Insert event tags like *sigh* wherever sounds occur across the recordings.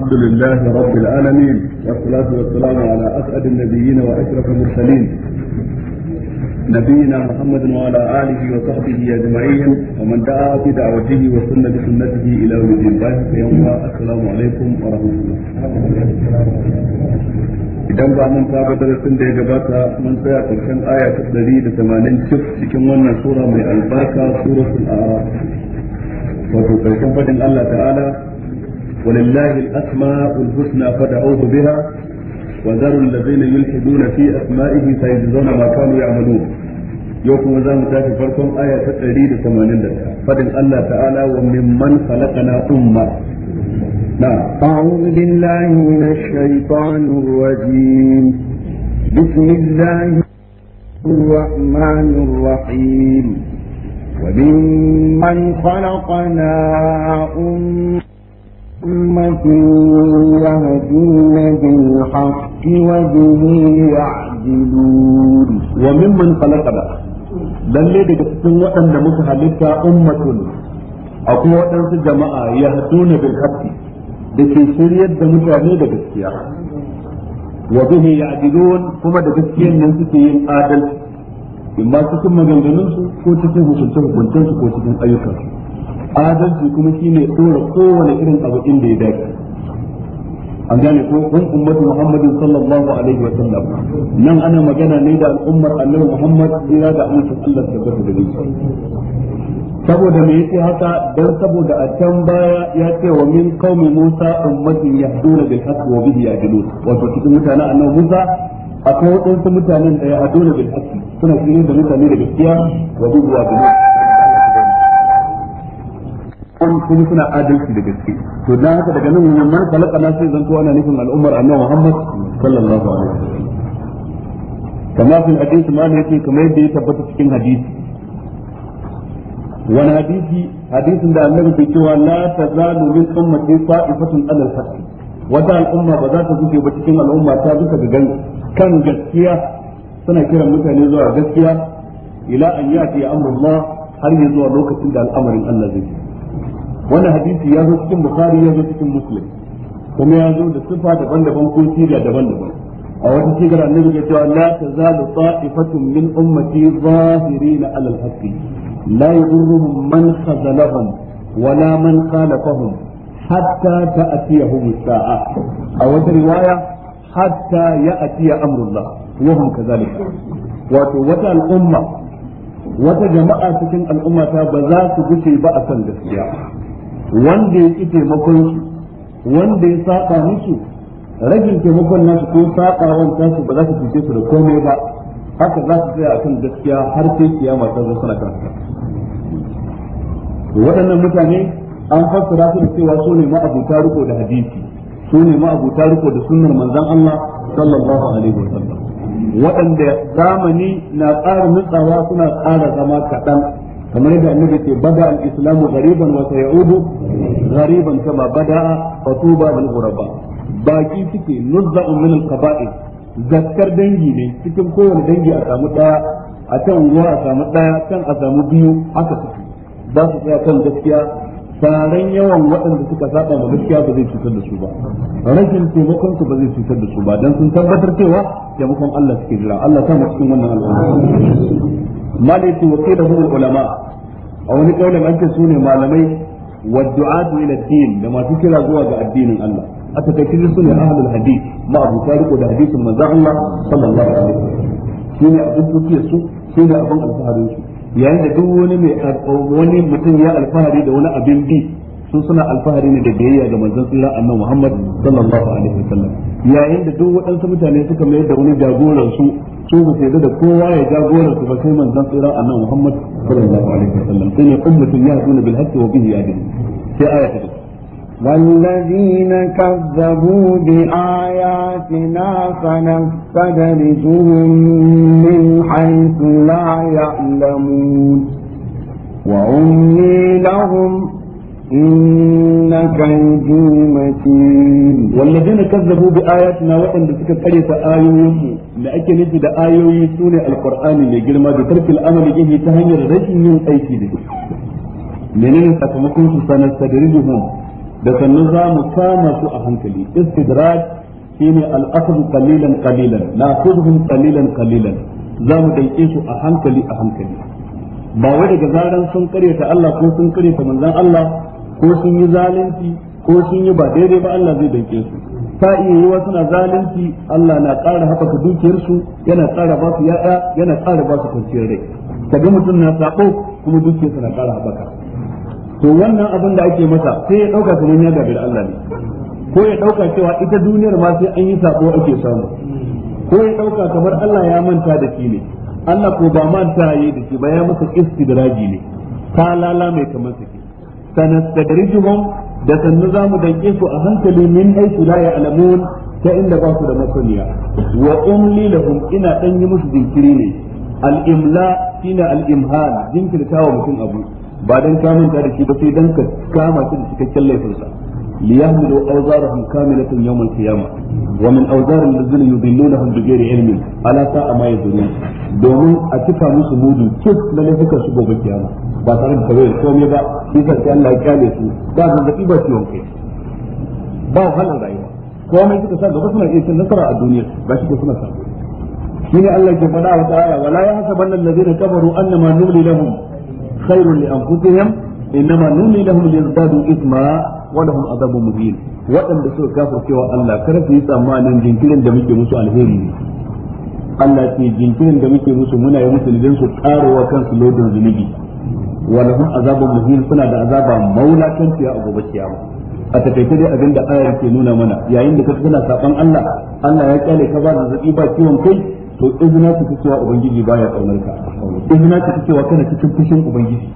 الحمد لله رب العالمين والصلاة والسلام على أسعد النبيين وأشرف المرسلين نبينا محمد وعلى آله وصحبه أجمعين ومن دعا بدعوته وسن بسنته إلى يوم الله يوم السلام عليكم ورحمة الله idan ba mun saba darasin da ya gabata mun tsaya karshen aya ta 180 cif cikin wannan sura mai albarka suratul a'raf wato karshen fadin Allah ta'ala ولله الأسماء الحسنى فدعوه بها وذروا الذين يلحدون في أسمائه سيجزون ما كانوا يعملون يوكم ذا متاف فرقم آية تقريد ثمانين لك فدل الله تعالى وممن خلقنا أمة نعم أعوذ بالله من الشيطان الرجيم بسم الله الرحمن الرحيم وممن خلقنا أمة أمة يهدين بالحق وبه يعدلون وممن خلقنا lalle daga cikin waɗanda muka halitta ummatun akwai waɗansu jama'a ya haduna bil haqqi da ke shiryar da mutane da gaskiya wa bihi ya'dilun kuma da gaskiyan nan suke yin adalci imma cikin maganganunsu ko cikin hukunce su ko cikin ayyukansu adalci kuma ne dora kowane irin abu inda ya dace an gane ko kun ummatu muhammadin sallallahu alaihi wa sallam nan ana magana ne da al'ummar annabi muhammad jira da amincin Allah da gaba da shi saboda me yake haka dan saboda a can baya ya ce wa min qaumi musa ummatin yahduna bil haqq wa bihi yadilun wato cikin mutanen annabi musa akwai wadansu mutanen da ya yahduna bil haqq suna shirye da mutane da gaskiya wa bihi yadilun kun kuma suna adalci da gaske to dan haka daga nan mun man kalaka na sai zanto ana nufin al'ummar annabi Muhammad sallallahu alaihi wasallam kama fil hadith ma ne yake kamar yadda ya tabbata cikin hadisi wani hadisi hadisin da annabi ke cewa la tazalu min ummati fa'ifatun ala al-haqq wata al'umma ba za ta zuke ba cikin al'umma ta zuka ga kan gaskiya suna kiran mutane zuwa gaskiya ila an yati amrullah har yanzu a lokacin da al'amarin Allah zai wannan hadisi ya zo cikin bukhari ya zo cikin muslim kuma ya zo da sifa daban-daban ko siga daban-daban a wata sigar annabi ya cewa la tazalu ta'ifatun min ummati zahirina alal haqqi la yadurruhum man khazalahum wala man khalafahum hatta ta'tiyahum as-sa'a a wata riwaya hatta ya'tiya amrullah wa hum kadhalika wato wata al'umma wata jama'a cikin al'ummata ba za su guce ba a san gaskiya wanda ya ki taimakon wanda ya saba musu ragin taimakon nasu ko sabawan tasu ba za su fice su da komai ba haka za su tsaya akan gaskiya har sai kiyama ta zo sana kanta waɗannan mutane an fassara su da cewa su ne ma'abuta riko da hadisi su ne ma'abuta riko da sunnar manzon Allah sallallahu alaihi wasallam waɗanda zamani na ƙara nutsawa suna ƙara zama kaɗan kamar da annabi ce bada al-islamu ghariban wa sayaudu ghariban kama bada fa tuba ghuraba baki suke nuzza'un min al-qaba'il zakkar dangi ne cikin kowane dangi a samu daya a kan ruwa a samu daya kan a samu biyu haka suke ba su tsaya kan gaskiya taron yawan waɗanda suka saba ma gaskiya ba zai cutar da su ba rashin taimakon su ba zai cutar da su ba dan sun tabbatar cewa taimakon Allah suke jira Allah ta mu cikin wannan al'umma malaiku wa qila hum ulama a wani kaulin an ce sune malamai wa du'atu ila din da masu kira zuwa ga addinin Allah a takaice sune ahlul hadith ma abu tariqu da hadisin manzo Allah sallallahu alaihi wasallam shine abin dukiyar su shine abin alfaharin su yayin da duk wani mai wani mutum ya alfahari da wani abin bi su suna alfahari ne da biyayya ga manzon tsira annabi Muhammad sallallahu alaihi wasallam yayin da duk waɗansu mutane suka mayar da wani jagoran su su ba sai da kowa ya jagoran su ba sai manzon tsira annabi Muhammad sallallahu alaihi wasallam sai ne ummatun yahduna bil haqqi wa bihi yadin sai ta. والذين كذبوا بآياتنا سنستدرجهم من حيث لا يعلمون وأملي لهم إن كيدي متين والذين كذبوا بآياتنا وإن بسكت أليس آيوهم لأكي نجد آيوي سوني القرآن اللي جلما بترك الأمل إيه تهنير رجل من أيكي لدي منين سakamakon su sanar sadarijuhum da sannan za mu kama su a hankali istidraj shine al-akhd qalilan qalilan na'khudhum qalilan qalilan za mu dauke su a hankali a hankali ba wai daga zaran sun karyata Allah ko sun karyata manzon Allah ko sun yi zalunci ko sun yi ba daidai ba Allah zai dauke su ta iya yiwa suna zalunci Allah na ƙara haɓaka dukiyarsu yana ƙara ba su yaɗa yana ƙara ba su kwanciyar rai kaga mutum na saɓo kuma dukiyarsa na ƙara haɓaka to wannan abin da ake masa sai ya dauka kamar ya gabe da Allah ne ko ya dauka cewa ita duniyar ma sai an yi sabo ake samu ko ya dauka kamar Allah ya manta da shi ne Allah ko ba manta yayi da shi ba ya masa istidraji ne ta lala mai kamar sake sanastadrijuhum da sannu zamu danke su a hankali min aisu la ya'lamun ta inda ba su da masaniya wa umli lahum ina dan yi musu jinkiri ne al-imla shine al-imhan jinkirtawa mutum abu ba dan kamun manta da shi ba sai dan ka kama shi da cikakken laifinsa liyahmilu awzarahum kamilatan yawm al-qiyamah wa min awzar allazina yudillunahum bighairi ilmin ala sa'a ma yadurun domin a cika musu mudu kif na laifukan su gobe kiyama ba tare da kawai komai ba shi sai Allah ya kyale su ba zazzabi ba ciwon kai ba wahalar rayuwa komai suka sa gaba suna iya cin nasara a duniya ba shi ko suna sa ne Allah ke faɗa wa ta'ala wala yahsabanna allazina kafaru annama numli lahum خير لأنفسهم إنما نملي لهم ليزدادوا إثما ولهم عذاب مبين وأن بسوء Allah ce jinkirin da muke musu muna yi musu lidin su karowa kansu lodin zunubi walahum azabun muhin suna da azaba maulakanciya a gobe kiyama a takaice dai abin da ayar ke nuna mana yayin da ka tuna saban Allah Allah ya kyale ka ba zazzabi ba ciwon kai to izina ku cewa ubangiji baya kaunar ka izina ku cewa kana cikin fushin ubangiji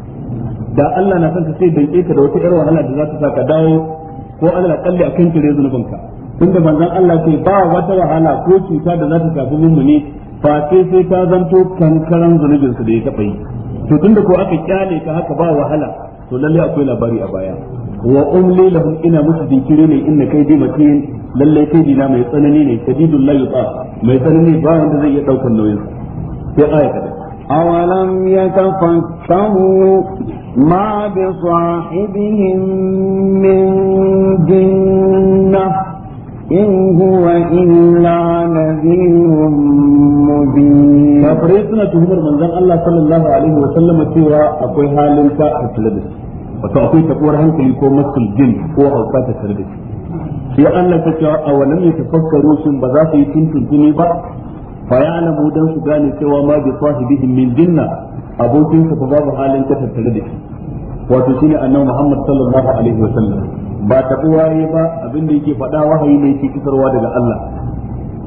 da Allah na san ka sai dan ka da wata yar wahala da za ta saka dawo ko Allah kalli akan kire zunubin ka tunda manzon Allah ce ba wata wahala ko cuta da za ta shafi mummuni fa sai sai ta zanto kankaran zunubin su da ya taba yi to tunda ko aka kyale ka haka ba wahala to lalle akwai labari a baya wa umli ina musu dikiri ne in na kai bi matin lalle kai dina mai tsanani ne kadidul ba mai tsanani ba wanda zai iya daukar nauyin sai aya kada awalam yatafakkaru ma bi sahibihim min jinna in huwa illa nadhirun mubin kafirai suna tuhumar manzon Allah sallallahu alaihi wa sallam cewa akwai halin ka a talabijin wato akwai tabuwar hankali ko masul jin ko hauka ta tare da shi sai Allah ta cewa a wannan ne tafakkaru shin ba za su yi tuntun tuntuni ba fa ya'lamu dan su gane cewa ma bi sahibihim min jinna abokin sa fa babu halin ta tattare da shi wato shine annabi Muhammad sallallahu alaihi wa sallam ba tabuwa ne ba abin da yake faɗa wahayi ne yake kisarwa daga Allah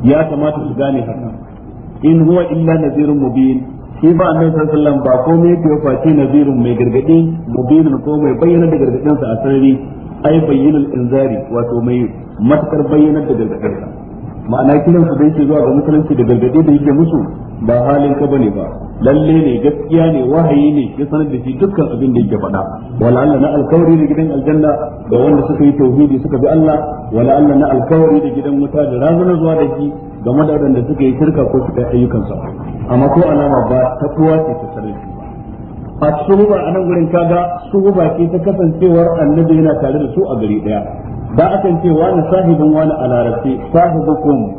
ya kamata su gane haka in huwa illa nadhirun mubin shi ba annabi sallallahu alaihi ba komai yake ya faci nazirun mai gargadi mubinun ko mai bayyana da gargadin sa a sarari ai bayyinul inzari wato mai matakar bayyana da gargadin ma'ana kiran su dai ke zuwa ga musulunci da gargadi da yake musu ba halin ka bane ba lalle ne gaskiya ne wahayi ne ya sanar da shi dukkan abin da yake faɗa wala Allah na alkawari da gidan aljanna da wanda suka yi tauhidi suka bi Allah wala Allah na alkawari da gidan wuta da razana zuwa da shi game da waɗanda suka yi shirka ko suka yi ayyukan sa amma ko alama ba ta kowa ce ta sarrafi a suhuba a nan gurin kaga suhuba ce ta kasancewar annabi yana tare da su a gari ɗaya ba a kan ce wani sahibin wani a larabci sahibukum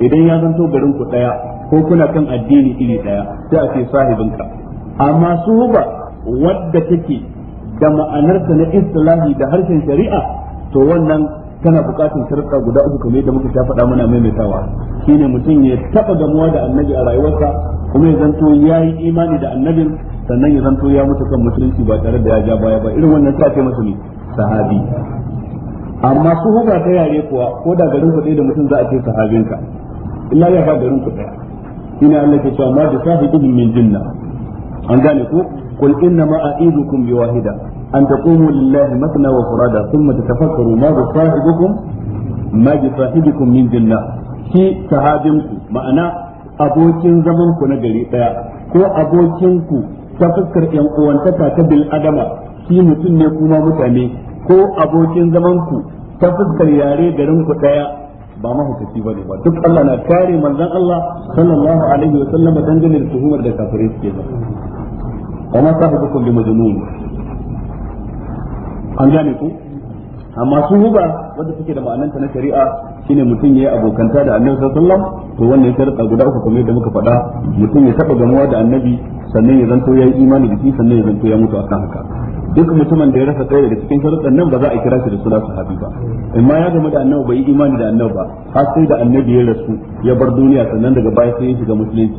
idan ya zanto garin ku daya ko kuna kan addini iri ɗaya sai a ce sahibinka amma suhuba wadda take da ma'anarsa na islahi da harshen shari'a to wannan tana bukatun sharuɗa guda uku kamar yadda muka sha faɗa muna maimaitawa shine mutum ya taɓa gamuwa da annabi a rayuwarsa kuma ya zanto ya yi imani da annabin sannan ya zanto ya mutu kan musulunci ba tare da ya ja baya ba irin wannan sa ce masa ne sahabi amma su huba ta yare kuwa ko da garin kuɗi da mutum za a ce sahabinka illa ya ba garin kuɗi ina Allah ke cewa ma da sahibi min jinna an gane ko qul inna ma a'idukum bi wahida أن تقوموا لله مثنى وفرادى ثم تتفكروا ما بصاحبكم ما بصاحبكم من جنة في صحابكم معنى abokin zaman ku na gari daya ko abokin ku ta fuskar yan uwantaka ta bil adama ki mutum ne kuma mutane ko abokin zaman ku ta fuskar yare garin ku ba mahukaci ba duk Allah na kare manzon Allah sallallahu alaihi wa sallama dangane da tuhumar da kafirai suke ba amma sahibukum bi majnun an gane ku amma su huba wanda suke da ma'ananta na shari'a shine mutum yayi abokanta da annabi sallallahu alaihi wasallam to wannan da guda uku kamar yadda muka faɗa mutum ya taba gamuwa da annabi sannan ya zanto yayi imani da shi sannan ya zanto ya mutu akan haka duk mutumin da ya rasa ɗaya daga cikin sharuɗan nan ba za a kira shi da sunan sahabi ba amma ya gama da annabi bai yi imani da annabi ba har sai da annabi ya rasu ya bar duniya sannan daga baya sai ya shiga musulunci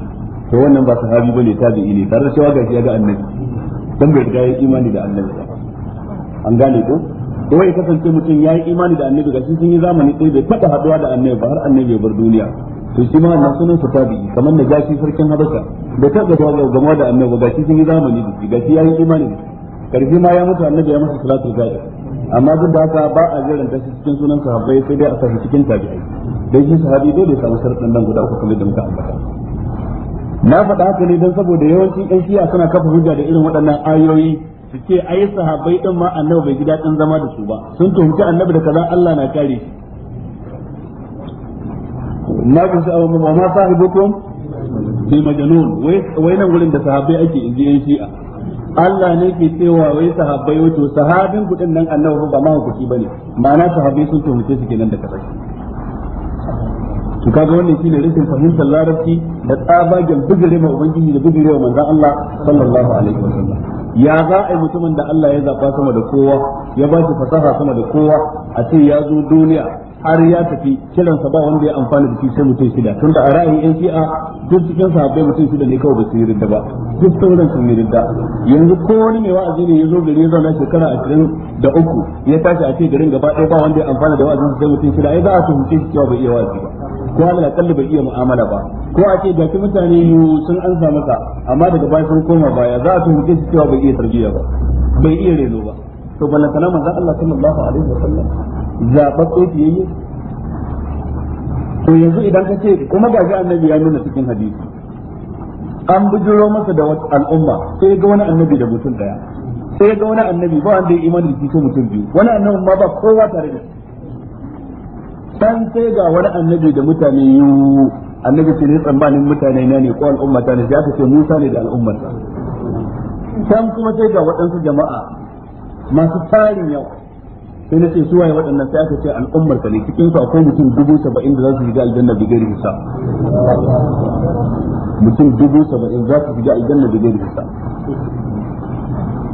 to wannan ba sahabi bane tabi'i ne tare da cewa gashi ya ga annabi dan bai riga yi imani da annabi ba an gane ko ko ya kasance mutum ya yi imani da annabi shi sun yi zamani ɗaya bai taɓa haɗuwa da annabi ba har annabi ya bar duniya to shi ma na sunan sa tabi kamar na gashi sarkin habasha da taɓa zuwa gama da annabi ga shi sun yi zamani da shi gashi ya yi imani da karfi ma ya mutu annabi ya masa salatu gaib amma duk da haka ba a jiran ta cikin sunan sahabbai sai dai a sa cikin tabi'ai dai shi sahabi dai bai samu sharɗin nan guda uku kamar da muka ambata na faɗa haka ne don saboda yawanci ɗan shiya suna kafa hujja da irin waɗannan ayoyi su ce ai sahabbai din ma annabi bai ji dadin zama da su ba sun tuhumci annabi da kaza Allah na kare shi ma ku wa ma sahibukum bi majnun wai wai nan gurin da sahabbai ake inji yan shi'a Allah ne ke cewa wai sahabbai wato sahabin kudin nan annabi ba ma hukunci bane ma'ana sahabbai sun tuhumce su kenan da kaza to kaga wannan shine rashin fahimtar larabci da tsabagen bigire ma ubangiji da bigire wa manzon Allah sallallahu alaihi wasallam ya za a yi mutumin da Allah ya zaba sama da kowa ya ba shi fasaha sama da kowa a ce ya zo duniya har ya tafi kiransa ba wanda ya amfana da shi sai mutum shida tun da a ra'ayin yan shi'a duk cikin sahabbai mutum shida ne kawai ba su yi ridda ba duk sauran sun yi ridda yanzu ko wani mai wa'azi ne ya zo gari ya zauna shekara ashirin da uku ya tashi a ce garin gaba ɗaya ba wanda ya amfana da wa'azin sai mutum shida ai za a tuhumce shi cewa bai iya wa'azi ba ko alal kalli bai iya mu'amala ba ko a ce gashi mutane sun sa masa amma daga baya sun koma baya za a tuhuke shi cewa bai iya tarbiyya ba bai iya rezo ba to ballan kana manzon Allah sallallahu alaihi wasallam zabatse yayi to yanzu idan ka ce kuma gashi annabi ya nuna cikin hadisi an bujuro masa da wata al'umma sai ga wani annabi da mutum daya sai ga wani annabi ba wanda ya imani da shi mutum biyu wani annabi ma ba kowa tare da shi dan sai ga wani annabi da mutane yiwu annabi ce ne tsammanin mutane na ne ko al'ummata ne sai aka ce Musa ne da al'ummar can kuma sai ga waɗansu jama'a masu tarin yau sai na ce su waye waɗannan sai aka ce al'ummar ne cikin su akwai mutum dubu saba'in da za su shiga aljanna gari gairi sa mutum dubu saba'in za su shiga aljanna bi gairi hisab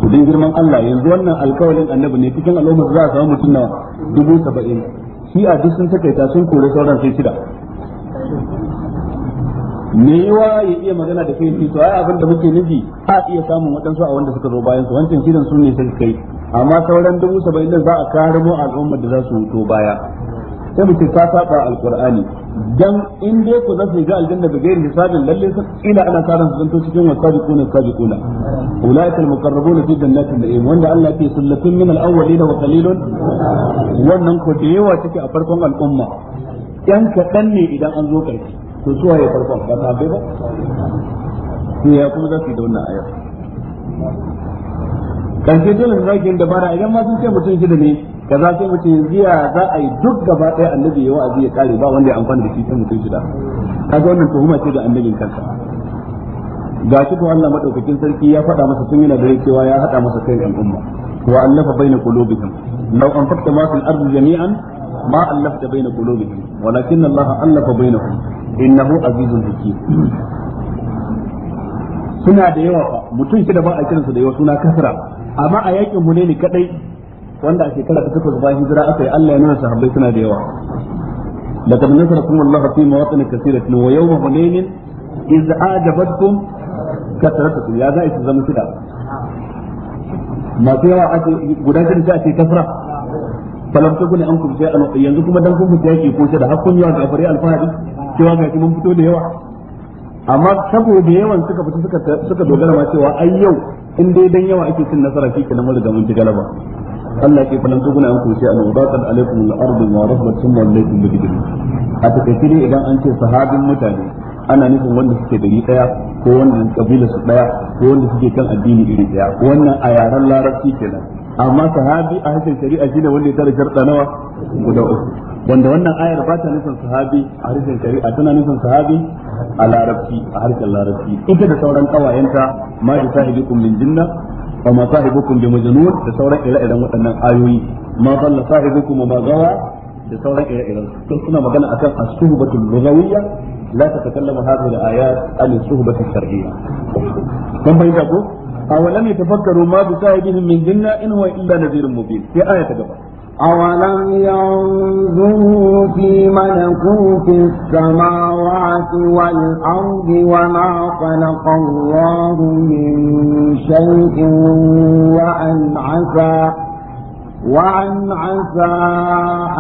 to din girman Allah yanzu wannan alkawalin annabi ne cikin al'ummar za a samu mutum na dubu saba'in shi'a duk sun takaita sun kore sauran sai shida me yiwa ya iya magana da kai to ai abin da muke nufi a iya samun waɗansu a wanda suka zo bayan su wancan shirin sun ne suka kai amma sauran dubu saba'in da za a karamo al'ummar da za su wuto baya sai mutum ka saba alqur'ani dan in dai ku za ga aljanna da gairi hisabin lalle sun ila ana karan su zanto cikin wasabiqun ulai ulaikal muqarrabun fi jannatin na'im wanda Allah ke sallatin min al-awwalin wa qalilun wannan ko da yawa take a farkon al'umma yan kaɗan ne idan an zo karki to su waye farkon ba ta bai ba to ya kuma za su yi da wannan ayar ke dole su zaki yin dabara idan ma sun ce mutum da ne kaza sai mu ce yanzu za a yi duk gaba ɗaya annabi ya wa'azi ya kare ba wanda ya amfana da shi sai mutum shida kaga wannan tuhuma ce ga annabin kansa ga shi ko Allah madaukakin sarki ya faɗa masa tun yana dare cewa ya haɗa masa kai al'umma wa allafa baina qulubihim law anfaqta ma fil ardi jami'an ma allafta baina qulubihim walakin Allah allafa bainahum innahu azizun hakim suna da yawa mutum shida ba a kiransu da yawa suna kasra amma a yakin mu ne ni kadai wanda a shekara ta takwas bayan hijira aka yi Allah ya nuna sahabbai suna da yawa لقد نصركم الله في مواطن كثيرة ويوم حنين إذ أعجبتكم كثرتكم يا ذا إذا Masu yawa ake guda jin ta ce kasra falam ta gune an ku sai an yanzu kuma dan kun fita yake ko da hakkun yawa ga fare alfahari cewa ga mun fito da yawa amma saboda yawan suka fita suka suka dogara ma cewa ai yau in dai dan yawa ake cin nasara shi kenan mun da mun ci galaba Allah ke falan tuguna an kuce an ubaqat alaikum al-ard wa rabbat thumma alaikum bi dhikri a take ne idan an ce sahabin mutane ana nufin wanda suke dari daya ko wanda kabila su daya ko wanda suke kan addini iri daya wannan a yaran larabci kenan amma sahabi a harshen shari'a shine wanda ya tare sharda nawa guda uku wanda wannan ayar ba ta nufin sahabi a harshen shari'a tana nufin sahabi a larabci a harshen larabci ita da sauran kawayenta ma da sahibikum min jinna wa ma sahibukum bi majnun da sauran ire-iren waɗannan ayoyi ma dalla sahibukum wa ma gawa da sauran ire-iren to suna magana akan as-suhbatul lughawiyya la tatakallamu hadhihi al-ayat an as-suhbatul shar'iyya kun bayyana ko awalam yatafakkaru ma bi min in sai aya ta gaba أولم ينظروا في ملكوت السماوات والأرض وما خلق الله من شيء وأن عسى وعن عسى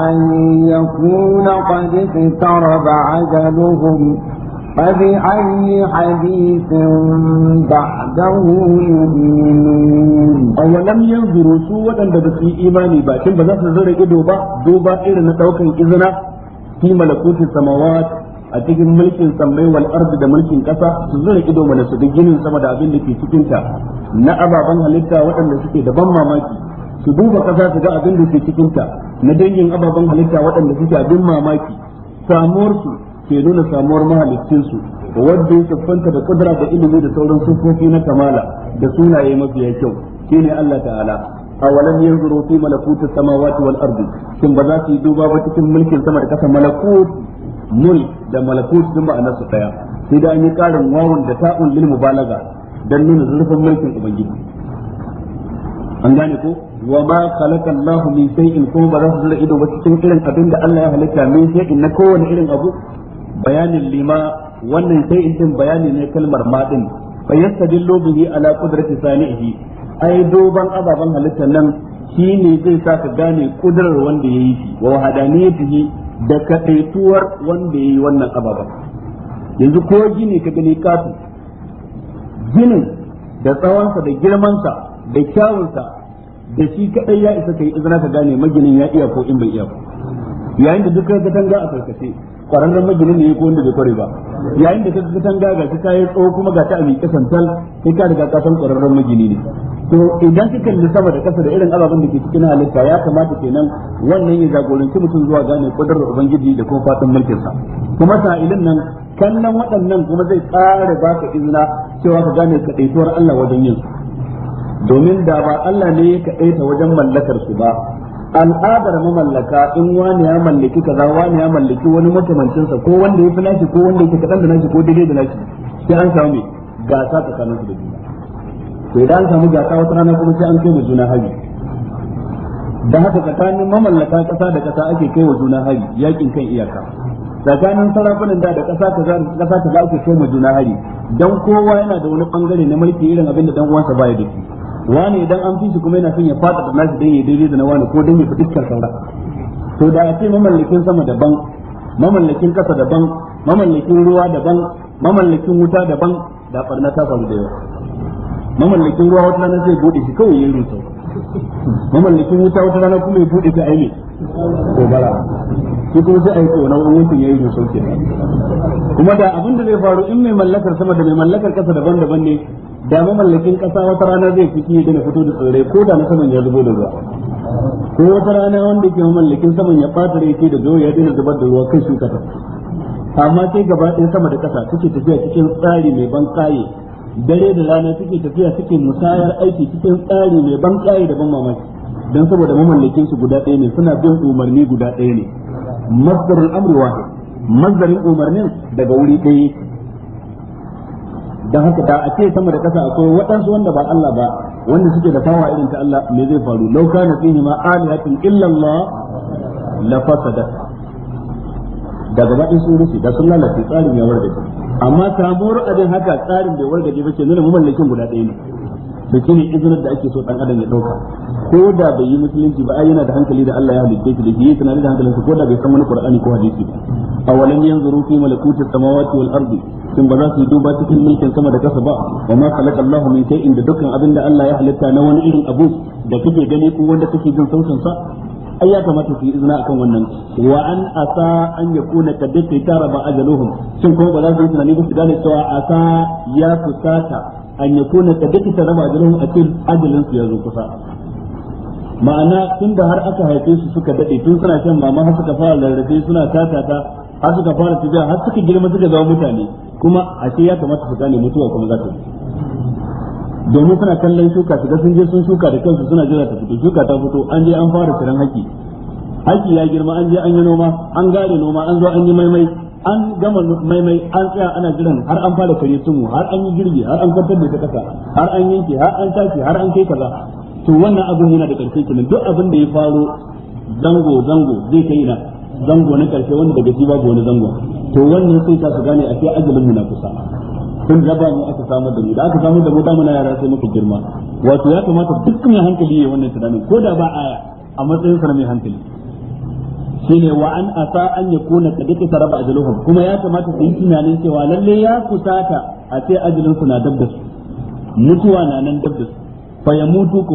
أن يكون قد اقترب عجلهم فبأي حديث بعده يؤمنون أو لم ينظروا سوء بس إيماني باكين بذات نظر إدوبا دوبا إرنا توكا إذنا في ملكوت السماوات a cikin mulkin sammai wal ardi da mulkin kasa su zura ido mana su ginin sama da abin da ke cikin ta na ababen halitta waɗanda suke da ban mamaki su duba kasa su ga abin da ke cikin ta na dangin ababen halitta waɗanda suke abin mamaki samuwar su ke nuna samuwar mahalicin su wanda ya siffanta da kudura da ilimi da sauran sufofi na kamala da sunaye mafiya kyau shine Allah ta'ala awalam yanzuru fi malakuti samawati wal ardi kin ba za su yi duba ba cikin mulkin sama da kasa malakut mulk da malakut sun ba su daya sai da an yi karin wawan da ta'un lil mubalaga dan nuna zurfin mulkin ubangiji an gane ko wa ma khalaqa Allahu min shay'in kuma ba za su zura ido ba cikin irin abin da Allah ya halitta min shay'in na kowane irin abu bayanin lima wannan sai in din bayani ne kalmar madin din fa yastadillu bihi ala qudrati sanihi ai doban ababan halittar nan shine zai sa ka gane kudrar wanda yayi shi wa wahadaniyatihi da kadaituwar wanda yayi wannan ababan yanzu ko gini ka gani kafi ginin da tsawonsa da girmansa da kyawunsa da shi kadai ya isa kai izina ka gane maginin ya iya ko in bai iya ba yayin da duk ka katanga a karkace kwararren maginin ne ko wanda bai kware ba yayin da ka katanga ga ta yi tsawo kuma ga ta a miƙe santal sai ka riga kasan kwararren magini ne to idan ka kalli sama da kasa da irin ababen da ke cikin halitta ya kamata kenan wannan ya jagoranci mutum zuwa gane kudurar ubangiji da kuma fatan mulkinsa kuma sa'ilin nan kallon waɗannan kuma zai ƙara ka izina cewa ka gane kaɗaituwar Allah wajen yin domin da ba Allah ne ya kaɗaita wajen mallakar su ba al'adar mamallaka in wani ya mallaki kaza wani ya mallaki wani makamancinsa ko wanda ya fi nashi ko wanda yake kadan da nashi ko daidai da nashi sai an samu mai gasa tsakanin su da juna to idan an samu gasa wata rana kuma sai an kai da juna hari da haka tsakanin mamallaka kasa da kasa ake kai wa juna hari yakin kan iyaka tsakanin sarakunan da da kasa kaza da kasa kaza ake kai wa juna hari dan kowa yana da wani bangare na mulki irin abin da dan uwansa baya da shi wani idan an fi shi kuma yana son ya fada da nashi dan ya daidai da na wani ko dan ya fi iskar saura to da ya ce mamallakin sama daban mamallakin kasa daban mamallakin ruwa daban mamallakin wuta daban da barna ta faru da yawa mamallakin ruwa wata rana zai bude shi kawai ya rusa mamallakin wuta wata rana kuma ya bude ta aini bala shi kuma sai a yi wani wancan ya yi rusa kuma da abin da zai faru in mai mallakar sama da mai mallakar kasa daban-daban ne da mamallakin kasa wata rana zai fiki ya gina fito da tsirrai ko da na saman ya zubo da ruwa ko wata rana wanda ke mamallakin saman ya fata da yake da zo ya dina zubar da ruwa kai shuka ta amma sai gaba ɗaya sama da kasa suke tafiya cikin tsari mai ban kaye dare da rana suke tafiya suke musayar aiki cikin tsari mai ban kaye da ban mamaki dan saboda mamallakin su guda ɗaya ne suna bin umarni guda ɗaya ne masdarul amri wahid masdarin umarnin daga wuri ɗaya Dan haka da a ce sama da kasa akwai waɗansu wanda ba Allah ba wanda suke da tawa irin ta Allah me zai faru law kana fihi ma alihatun illa Allah la fasadat da gaba ɗin sun rufe da sun lalace tsarin ya wargaje amma samuwar adin haka tsarin bai wargaje ba ke nuna mamallakin guda ɗaya ne to shine izinin da ake so dan adam ya dauka ko da bai yi musulunci ba ai yana da hankali da Allah ya halitta shi da shi yana da hankalin ko da bai san wani Qur'ani ko hadisi ba awalan yanzuru fi malakuti samawati wal ardi kin ba za su duba cikin mulkin sama da kasa ba wa ma khalaqallahu min shay'in da dukkan abin da Allah ya halitta na wani irin abu da kake gani ko wanda kake jin sautin sa ai ya kamata su yi izina akan wannan wa an asa an yakuna kad tara ba ajaluhum shin kuma ba za su yi tunani ba su gane cewa asa ya fusata an yakuna kadaki duk ajrahum akil ajalin su yazo kusa ma'ana tun da har aka haife su suka dade tun suna shan mama har suka fara rarrafe suna tatata har suka fara tafiya har suka girma suka zama mutane kuma ashe ya kamata su gane mutuwa kuma za ta yi domin suna kallon shuka su ga sun je sun shuka da kansu suna jira ta fito shuka ta fito an je an fara tiran haki haki ya girma an je an yi noma an gare noma an zo an yi maimai an gama maimai an tsaya ana jiran har an fara kare tumu har an yi girgi har an kwantar da ta kasa har an yanke har an tashi har an kai kaza to wannan abin yana da karfe kenan duk abin da ya faro zango zango zai kai ina zango na karshe wanda daga shi babu wani zango to wannan sai ta su gane a sai ajalin mu na kusa kun raba mu aka samar da mu da aka samar da mu da muna yara sai muka girma wato ya kamata dukkan hankali ya wannan tunanin ko da ba aya a matsayin sa na mai hankali shine wa an asa an yakuna qad kasara ajaluhum kuma ya kamata su yi tunanin cewa lalle ya kusata a sai ajalin su na dabda su mutuwa na nan dabda su fa yamutu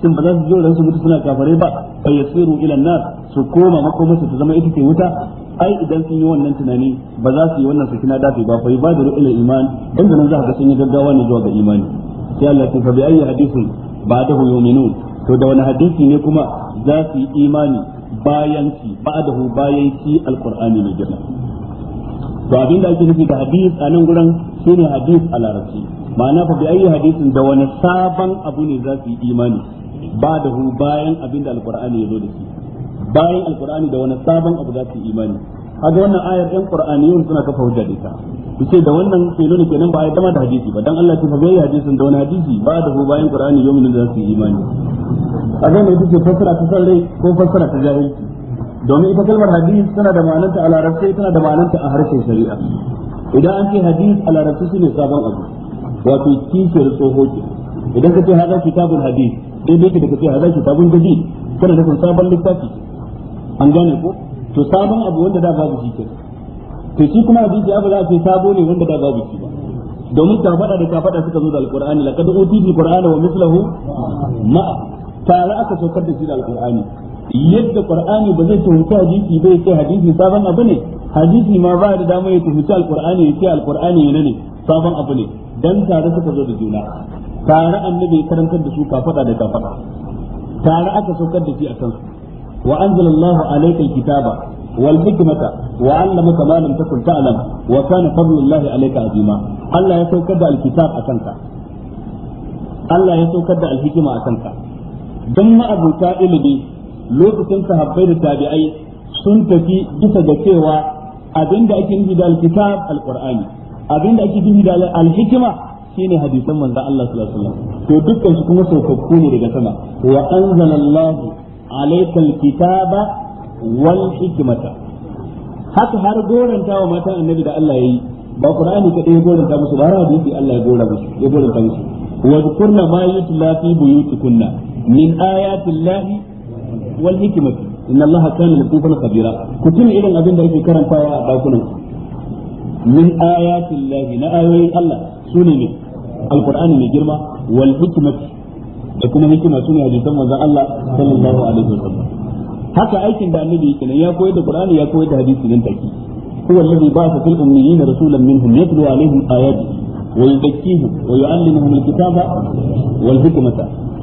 shin ba za su jira su mutu suna kafare ba fa yasiru ila nar su koma makomarsu ta zama ita ce wuta ai idan sun yi wannan tunani ba za su yi wannan sakina dafi ba fa yubadiru ila iman dan nan za ka sun yi gaggawa ne zuwa ga imani sai Allah ya fa bi ayyi hadithin ba'dahu yu'minun to da wani hadisi ne kuma za su yi imani bayanci ki ba'dahu bayan ki alqur'ani ne girma to abin da ake nufi da hadis a nan gurin shine hadis a larabci ma'ana fa bi ayi hadisin da wani sabon abu ne za su yi imani ba'dahu bayan abin da alqur'ani ya zo da shi bayan alqur'ani da wani sabon abu za su yi imani kaga wannan ayar ɗin qur'ani qur'aniyun suna kafa hujja da ita kace da wannan ke nuna kenan ba ya dama da hadisi ba dan Allah ya tafi hadisin da wani hadisi ba da hu bayan qur'ani yau da za su yi imani a zan ita ce fassara ta san rai ko fassara ta jahilci domin ita kalmar hadis tana da ma'ananta a larabci tana da ma'ananta a harshen shari'a idan an ce hadis a shi ne sabon abu wato kishiyar tsoho ke idan ka ce hada kitabul hadis daidai ka da ka ce hada kitabun gadi kana da sabon littafi an gane ko to sabon abu wanda da babu shi kenan to shi kuma hadisi abu za a ce sabo ne wanda da babu shi ba domin ta faɗa da ka fada suka zo da alqur'ani laqad utihi qur'ana wa mislahu ma tare aka saukar da shi da alqur'ani yadda qur'ani ba zai tuhunta hadisi bai ce hadisi sabon abu ne hadisi ma ba da dama ya tuhunta alqur'ani ya ce alqur'ani ne ne sabon abu ne dan tare suka zo da juna tare annabi ya karantar da su kafada da kafada tare aka saukar da shi a kansu wa anzalallahu alayka alkitaba wal hikmata wa 'allamaka ma lam takun ta'lam wa kana fadlullahi alayka azima Allah ya saukar da alkitab a kanka Allah ya saukar da alhikima a kanka don ma'abuta ilimi lokacin sahabbai da tabi'ai sun tafi bisa da cewa abinda ake nufi da alkitab alqur'ani abinda ake nufi da alhikima shine hadisan manzon Allah sallallahu alaihi wasallam to dukkan su kuma saukakku ne daga sama wa anzalallahu alaykal kitaba wal hikmata haka har goranta wa matan annabi da Allah yayi ba qur'ani kadai ya goranta musu ba har hadisi Allah ya goranta musu ya goranta musu wa dhkurna ma yutla fi buyutikunna min ayati llahi wal hikmati inna allaha kana latifan khabira ku tuna irin abin da yake karantawa a dakunan min ayati llahi na ayoyin Allah sune ne alqur'ani mai girma wal hikmati da kuma hikima sune hadisan manzon Allah sallallahu alaihi wasallam haka aikin da annabi yake ya koyar da qur'ani ya koyar da hadisi nan take huwa alladhi ba'atha fil ummiyina rasulan minhum yatlu alaihim ayatihi ويزكيهم ويعلمهم الكتاب والحكمة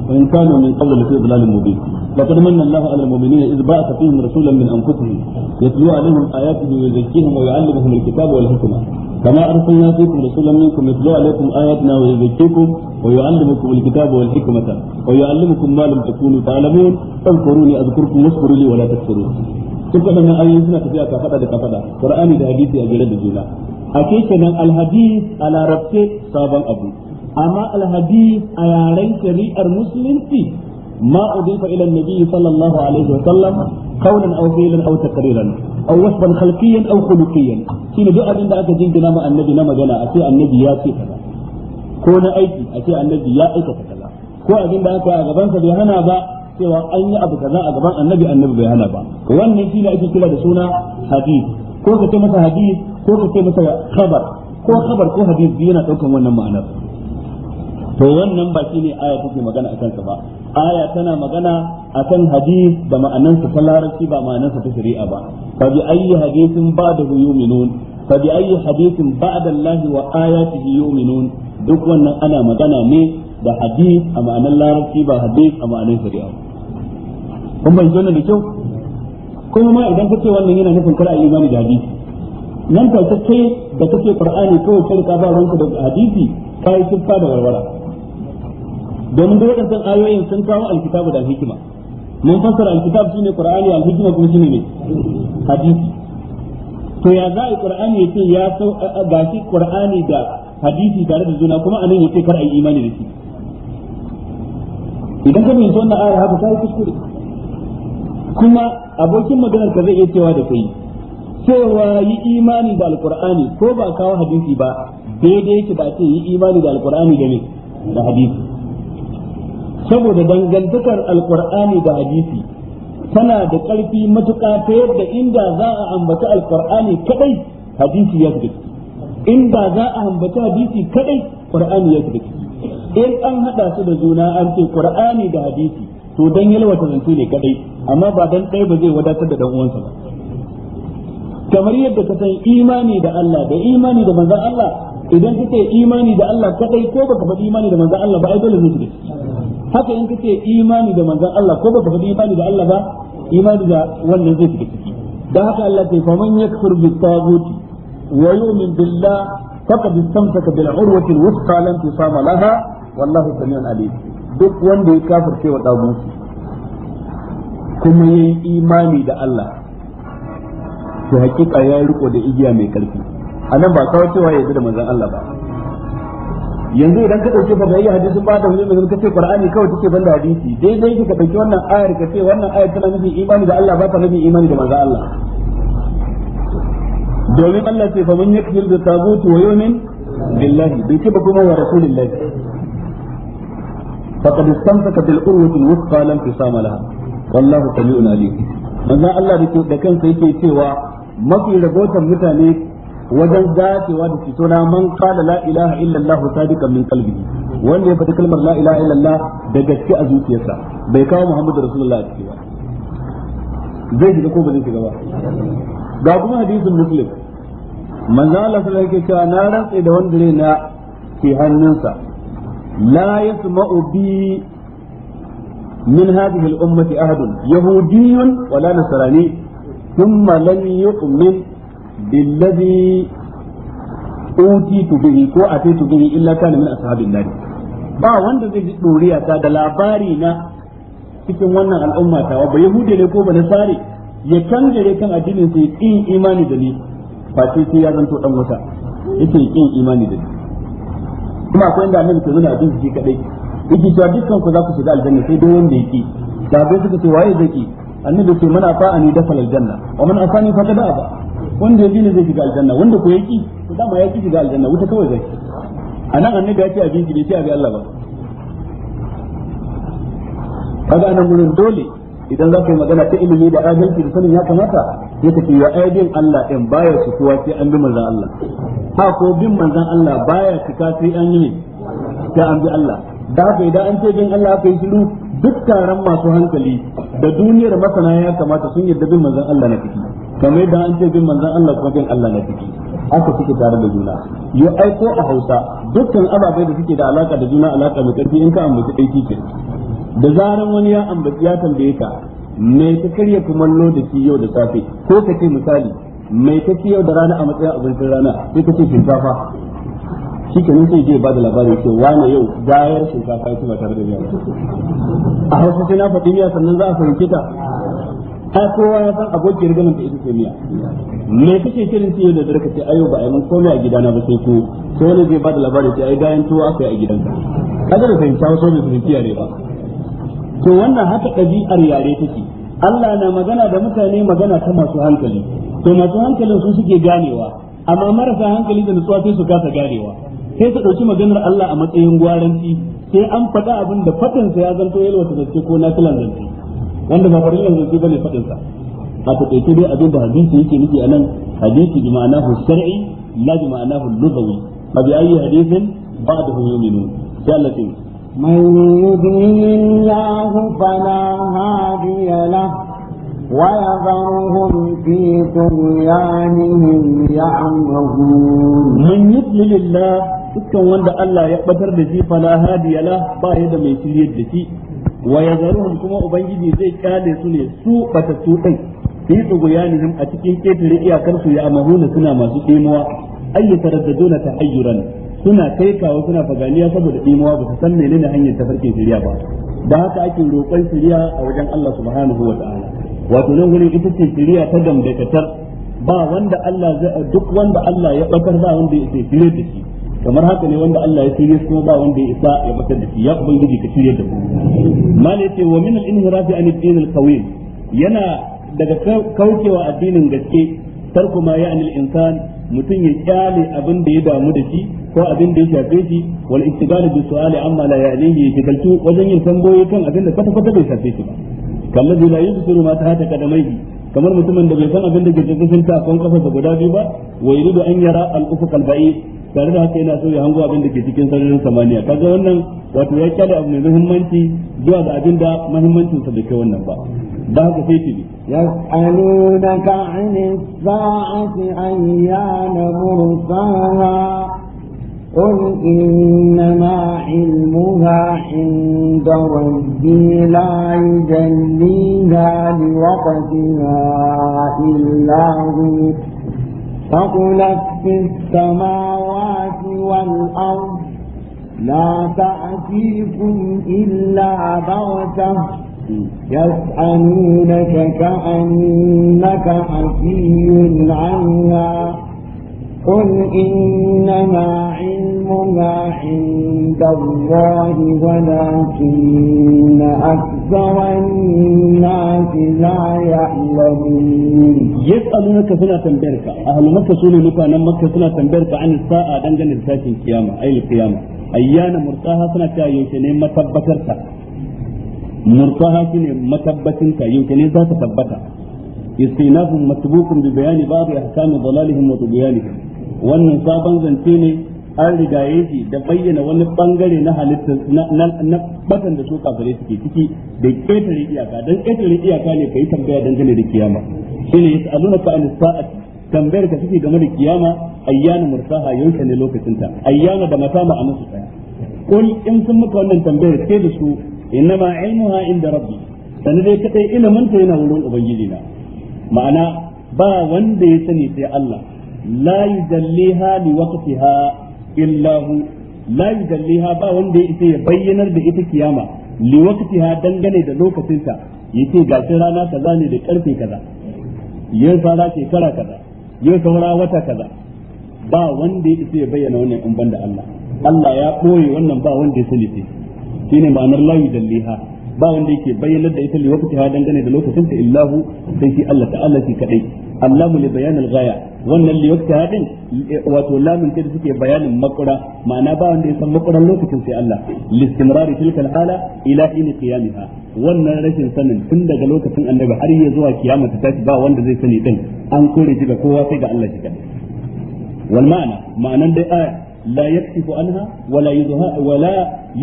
وإن كانوا من قبل لفي ضلال مبين لقد من الله على المؤمنين إذ بعث فيهم رسولا من أنفسهم يتلو عليهم آياته ويزكيهم ويعلمهم الكتاب والحكمة كما أرسلنا فيكم رسولا منكم يتلو عليكم آياتنا ويزكيكم ويعلمكم الكتاب والحكمة ويعلمكم ما لم تكونوا تعلمون فاذكروني أذكركم واشكروا لي ولا تكفرون duk waɗannan ayoyi suna tafiya ka faɗa da ka faɗa qur'ani da hadisi a jere da juna a kenan alhadis a larabce sabon abu amma alhadith a yaren shari'ar musulunci ma udifa ila annabi sallallahu alaihi wa sallam قولا او فعلا او تقريرا او وصفا خلقيا او خلقيا شنو دو ابين da aka jingina ma annabi na magana a ce annabi ya ce kaza ko na aiki a ce annabi ya aika kaza ko abin da aka yi a gaban sa bai hana ba cewa an yi abu kaza a gaban annabi annabi bai hana ba wannan shine ake kira da suna hadith ko ka ce masa hadith ko ka ce masa khabar ko khabar ko hadith biyu yana daukan wannan ma'anar to wannan ba shine aya take magana a kansa ba aya tana magana a kan hadith da ma'anansa ta larabci ba ma'anansa ta shari'a ba fa bi ayyi hadithin ba'dahu yu'minun fa bi ayyi hadithin ba'da Allah wa ayatihi yu'minun duk wannan ana magana ne da hadith a ma'anar larabci ba hadith a ma'anar shari'a kun ban jona da kyau kuma ma idan kace wannan yana nufin kar a yi imani da hadisi nan ta kai da kake qur'ani kawai sai ka ba ranka da hadisi kai siffa da warwara domin duk waɗannan ayoyin sun kawo alkitabu da alhikima mun fassara alkitabu shine qur'ani alhikima kuma shine ne hadisi to ya za a qur'ani yace ya sau shi qur'ani da hadisi tare da juna kuma anan yace kar ayi imani da shi idan ka bin wannan ayar haka sai kuskure kuma abokin maganar ka zai iya cewa da kai cewa yi imani da alqur'ani ko ba kawo hadisi ba daidai yake ba ce yi imani da alqur'ani da ne da hadisi saboda dangantakar alqur'ani da hadisi tana da ƙarfi matuƙa ta yadda inda za a ambata alqur'ani kadai hadisi ya shiga inda za a ambata hadisi kadai qur'ani ya shiga in an hada su da juna an ce qur'ani da hadisi to dan ta zance ne kadai amma ba dan ɗaya ba zai wadatar da dan uwansa ba kamar yadda ka san imani da Allah da imani da manzon Allah idan kake imani da Allah kadai ko baka faɗi imani da manzon Allah ba ai dole ne shiga haka in kace imani da manzon Allah ko baka faɗi imani da Allah ba imani da wannan zai shiga ciki da haka Allah ke faman yakfur bi taguti wa yu'min billah faqad istamsaka bil urwati al wuthqa lam tusama laha wallahu samiun alim duk wanda ya kafirce wa taguti kuma yayi imani da Allah to hakika ya riko da igiya mai karfi anan ba kawai cewa ya da manzon Allah ba yanzu idan ka dauke fa bayyana hadisin ba da wani mai kace qur'ani kawai take banda hadisi daidai yake ka dauki wannan ayar ka ce wannan ayar tana nufin imani da Allah ba ta nufin imani da manzo Allah domin Allah ce fa mun yakfir da tagut wa yu'min billahi bai ce ba kuma wa rasulillah. faqad istamsaka bil urwati al-wuthqa lam tisama laha wallahu sami'un alim manzo Allah da kansa yake cewa mafi rabotan mutane wajen dacewa da fito na man da la ilaha illa sadiqan min qalbihi wanda ya faɗi kalmar la ilaha illa Allah da gaske a zuciyarsa bai kawo Muhammadu Rasulullah a ciki ba zai shiga ko ba zai shiga ba ga kuma hadisin Muslim manzo Allah sallallahu alaihi wasallam na rantsa da wanda ne na ke hannunsa la yasma'u bi min hadhihi al-ummati ahadun yahudiyyun wala nasrani thumma lam yu'min بالذي utitu bihi ko ataitu bihi illa كان من ashabin nar ba wanda zai دوريا تا دا da labari na cikin wannan al'umma ta ba yahudi ne ko ba Nasari ya kangare kan addinin sai kin imani da ni ba sai sai ya zanto dan wata yake kin imani da ni kuma akwai inda annabi ke nuna abin kadai yake cewa dukkan ku za ku shiga aljanna sai dai wanda yake da bai suka ce waye zaki annabi ce man afa'ani dafa aljanna wa man afani faqad ba. wanda ya ne zai shiga aljanna wanda ko yaki to dama ya ki shiga aljanna wuta kawai zai anan annabi ya ce a jinki bai ce a bi Allah ba kaga anan gurin dole idan za ka yi magana ta ilimi da adalci da sanin ya kamata ya tafi wa aibin Allah in baya su kuwa sai an bi manzan Allah ha ko bin manzan Allah baya cika sai an yi sai an bi Allah da haka idan an ce bin Allah aka yi shiru duk taron masu hankali da duniyar masana ya kamata sun yarda bin manzon Allah na fiki kamar yadda an ce bin manzon Allah kuma bin Allah na fiki aka suke tare da juna yo aiko a Hausa dukkan ababai da suke da alaka da juna alaka mai karfi in ka ambaci dai kike da zaran wani ya ambaci ya tambaye ka me ka karya kumallo da shi yau da safe ko ka ce misali mai ta yau da rana a matsayin abincin rana sai ka ce shinkafa shi ke nan sai je ba da labari ke wane yau gayar shinkafa ya ba tare da biya a hausa sai na faɗi miya sannan za a fahimci ta ai kowa ya san abokin rigamin da ita ce miya me kake kirin ciyo da zarka ce ayo ba a yi mun komai a gidana ba sai ko sai wani zai ba da labari ce ai gayan tuwo aka yi a gidanka kada da fahimta wasu bai fahimci yare ba to wannan haka ɗabi'ar yare take Allah na magana da mutane magana ta masu hankali to masu hankalin su suke ganewa amma marasa hankali da nutsuwa sai su kasa ganewa sai ta ɗauki maganar Allah a matsayin gwaranci sai an faɗa abin da fatansa ya zanto ta zance ko na filan zance wanda ba farin sai bane fatinsa a taƙaice dai abin da hadisi yake nufi a nan hadisi bi ma'anahu shar'i la bi ma'anahu lughawi fa bi ayyi hadithin ba'dahu yu'minun sai Allah ya من يضلل الله فلا هادي له ويذرهم في طغيانهم يعمهون من يضلل الله dukkan wanda Allah ya batar da shi fala hadiya la ba ya da mai shiryar da shi wa yazaruhum kuma ubangiji zai kyale su ne su batattu din fi tsuguyanihim a cikin ketare iyakar su ya amahuna suna masu ɗimuwa ayyu taraddaduna tahayyuran suna kai kawo suna fagaliya saboda ɗimuwa ba su san menene hanyar ta farke shirya ba da haka ake roƙon shirya a wajen Allah subhanahu wa ta'ala wato nan gurin ita ce shirya ta gamdakatar ba wanda Allah duk wanda Allah ya bakar ba wanda ya shirye da shi kamar haka ne wanda Allah ya shirye kuma ba wanda ya isa ya batar da shi ya kuma ubangiji ka shirye da mu mal yace wa min al-inhirafi an ad-din al-qawim yana daga kaucewa addinin gaske tarku ma ya anil insan mutum ya kyale abin da ya damu da shi ko abin da ya shafe shi wal istibalu bi su'ali amma la ya'nihi ya shigaltu wajen yin tambayoyi kan abin da kwata kwata bai shafe shi ba kallazi la yubsiru ma ta hata kadamai kamar mutumin da bai san abin da ke cikin tafin kafarsa guda biyu ba wa yuridu an yara al-ufuq al-ba'id tare da haka yana so ya hango abin da ke cikin sararin samaniya kaga wannan wato ya kyale abu mai muhimmanci zuwa ga abin da muhimmancin sa bai kai wannan ba da haka sai ki yas'alunaka 'anis sa'ati ayyana mursaha قل إنما علمها عند ربي لا يجليها لوقتها إلا هو ثقلت في السماوات والأرض لا تأتيكم إلا بغتة يسألونك كأنك حفي عنها قل إنما علمها عند الله ولكن أكثر الناس لا يعلمون يسألونك سنة تنبيرك أهل مكة سنة لك أن مكة سنة تنبيرك عن الساعة دنجن الساعة القيامة أي القيامة أيانا مرتاها سنة يوشنين ما تبكرتها مرتاها سنة ما تبكرتها يوشنين ذات تبكرتها استئناف مسبوق ببيان بعض أحكام ضلالهم وطغيانهم wannan sabon zance ne an riga yaji da bayyana wani bangare na halittar na batan da su kafare suke ciki da ƙetare iyaka don ƙetare iyaka ne ka yi tambaya dangane da kiyama shine yasa aluna ka an sa'ati tambayar ka suke game da kiyama ayyana mursaha yaushe ne lokacin ta ayyana da mata a su tsaya kun in sun muka wannan tambayar ke da su innama ilmuha inda rabbi sanin dai kadai ilimin ta yana wurin ubangiji na ma'ana ba wanda ya sani sai Allah la yujalliha li waqtiha illa hu la yujalliha ba wanda ya isa ya bayyanar da ita kiyama li waqtiha dangane da lokacinta yace ga rana kaza ne da karfe kaza yau fara shekara kaza yau saura wata kaza ba wanda ya isa ya bayyana wannan in banda Allah Allah ya ɓoye wannan ba wanda ya shi ne ma'anar la yujalliha ba wanda yake bayyana da ita lokaci ha dangane da lokacin ta illahu sai shi Allah Allah shi kadai allamu li bayan al-ghaya wannan li ha hadin eh, wato lamun ta suke bayanin makura ma'ana ba wanda ya san makuran lokacin sai Allah listimrari tilka al ala ila in qiyamiha wannan rashin sanin tun daga lokacin annabi har ya zuwa kiyama ta tashi ba wanda zai sani din an kore shi ga kowa sai ga Allah shi kadai wal ma'ana ma'anan dai aya لا يكشف عنها wala يظهر ولا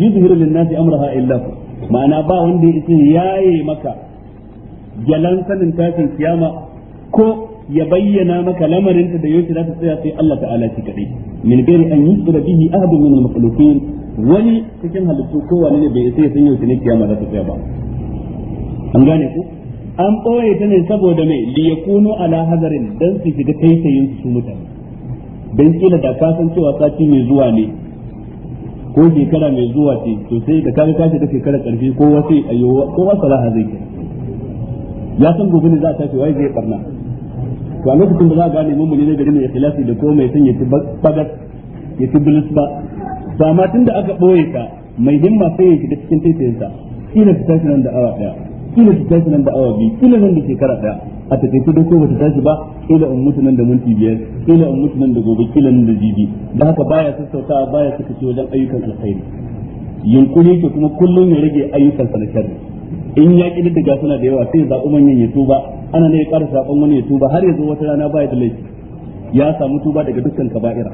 يظهر للناس امرها الا هو ma'ana ba wanda ya isa yaye maka jalan sanin tashin kiyama ko ya bayyana maka lamarinta da yau za ta tsaya sai Allah ta'ala shi kaɗai. min gari an yusra bihi ahadun min al-makhluqin wani cikin halittu ko wani ne bai sai san yau ne kiyama za ta tsaya ba an gane ku an ɓoye ta ne saboda mai li yakunu ala hadarin dan su shiga taitayin su mutane dan kila da kasancewa sati mai zuwa ne ko shekara mai zuwa ce to sai da kaga kashi da shekara karfi ko wasu ayyo ko wasu salaha zai ke ya san gobe ne za a tashi wai zai barna to a lokacin da za a gane mun ne gari mai ikhlasi da ko mai san ya ci bagas ya ci bilis ba to amma da aka boye ka mai himma sai ya shiga cikin taitayinsa kila ta tashi nan da awa daya kila ta tashi nan da awa biyu kila nan da shekara daya a takaice dai ko bata tashi ba kila in mutu nan da minti biyar kila in mutu nan da gobe kila nan da jibi da haka baya sassauta baya saka ce wajen ayyukan alkhairi yunkuri ke kuma kullum ya rage ayyukan sa na sharri in ya ki daga suna da yawa sai ya zaɓi manyan ya tuba ana ne ya ƙara zaɓen wani ya tuba har ya zo wata rana baya da laifi ya samu tuba daga dukkan kaba'ira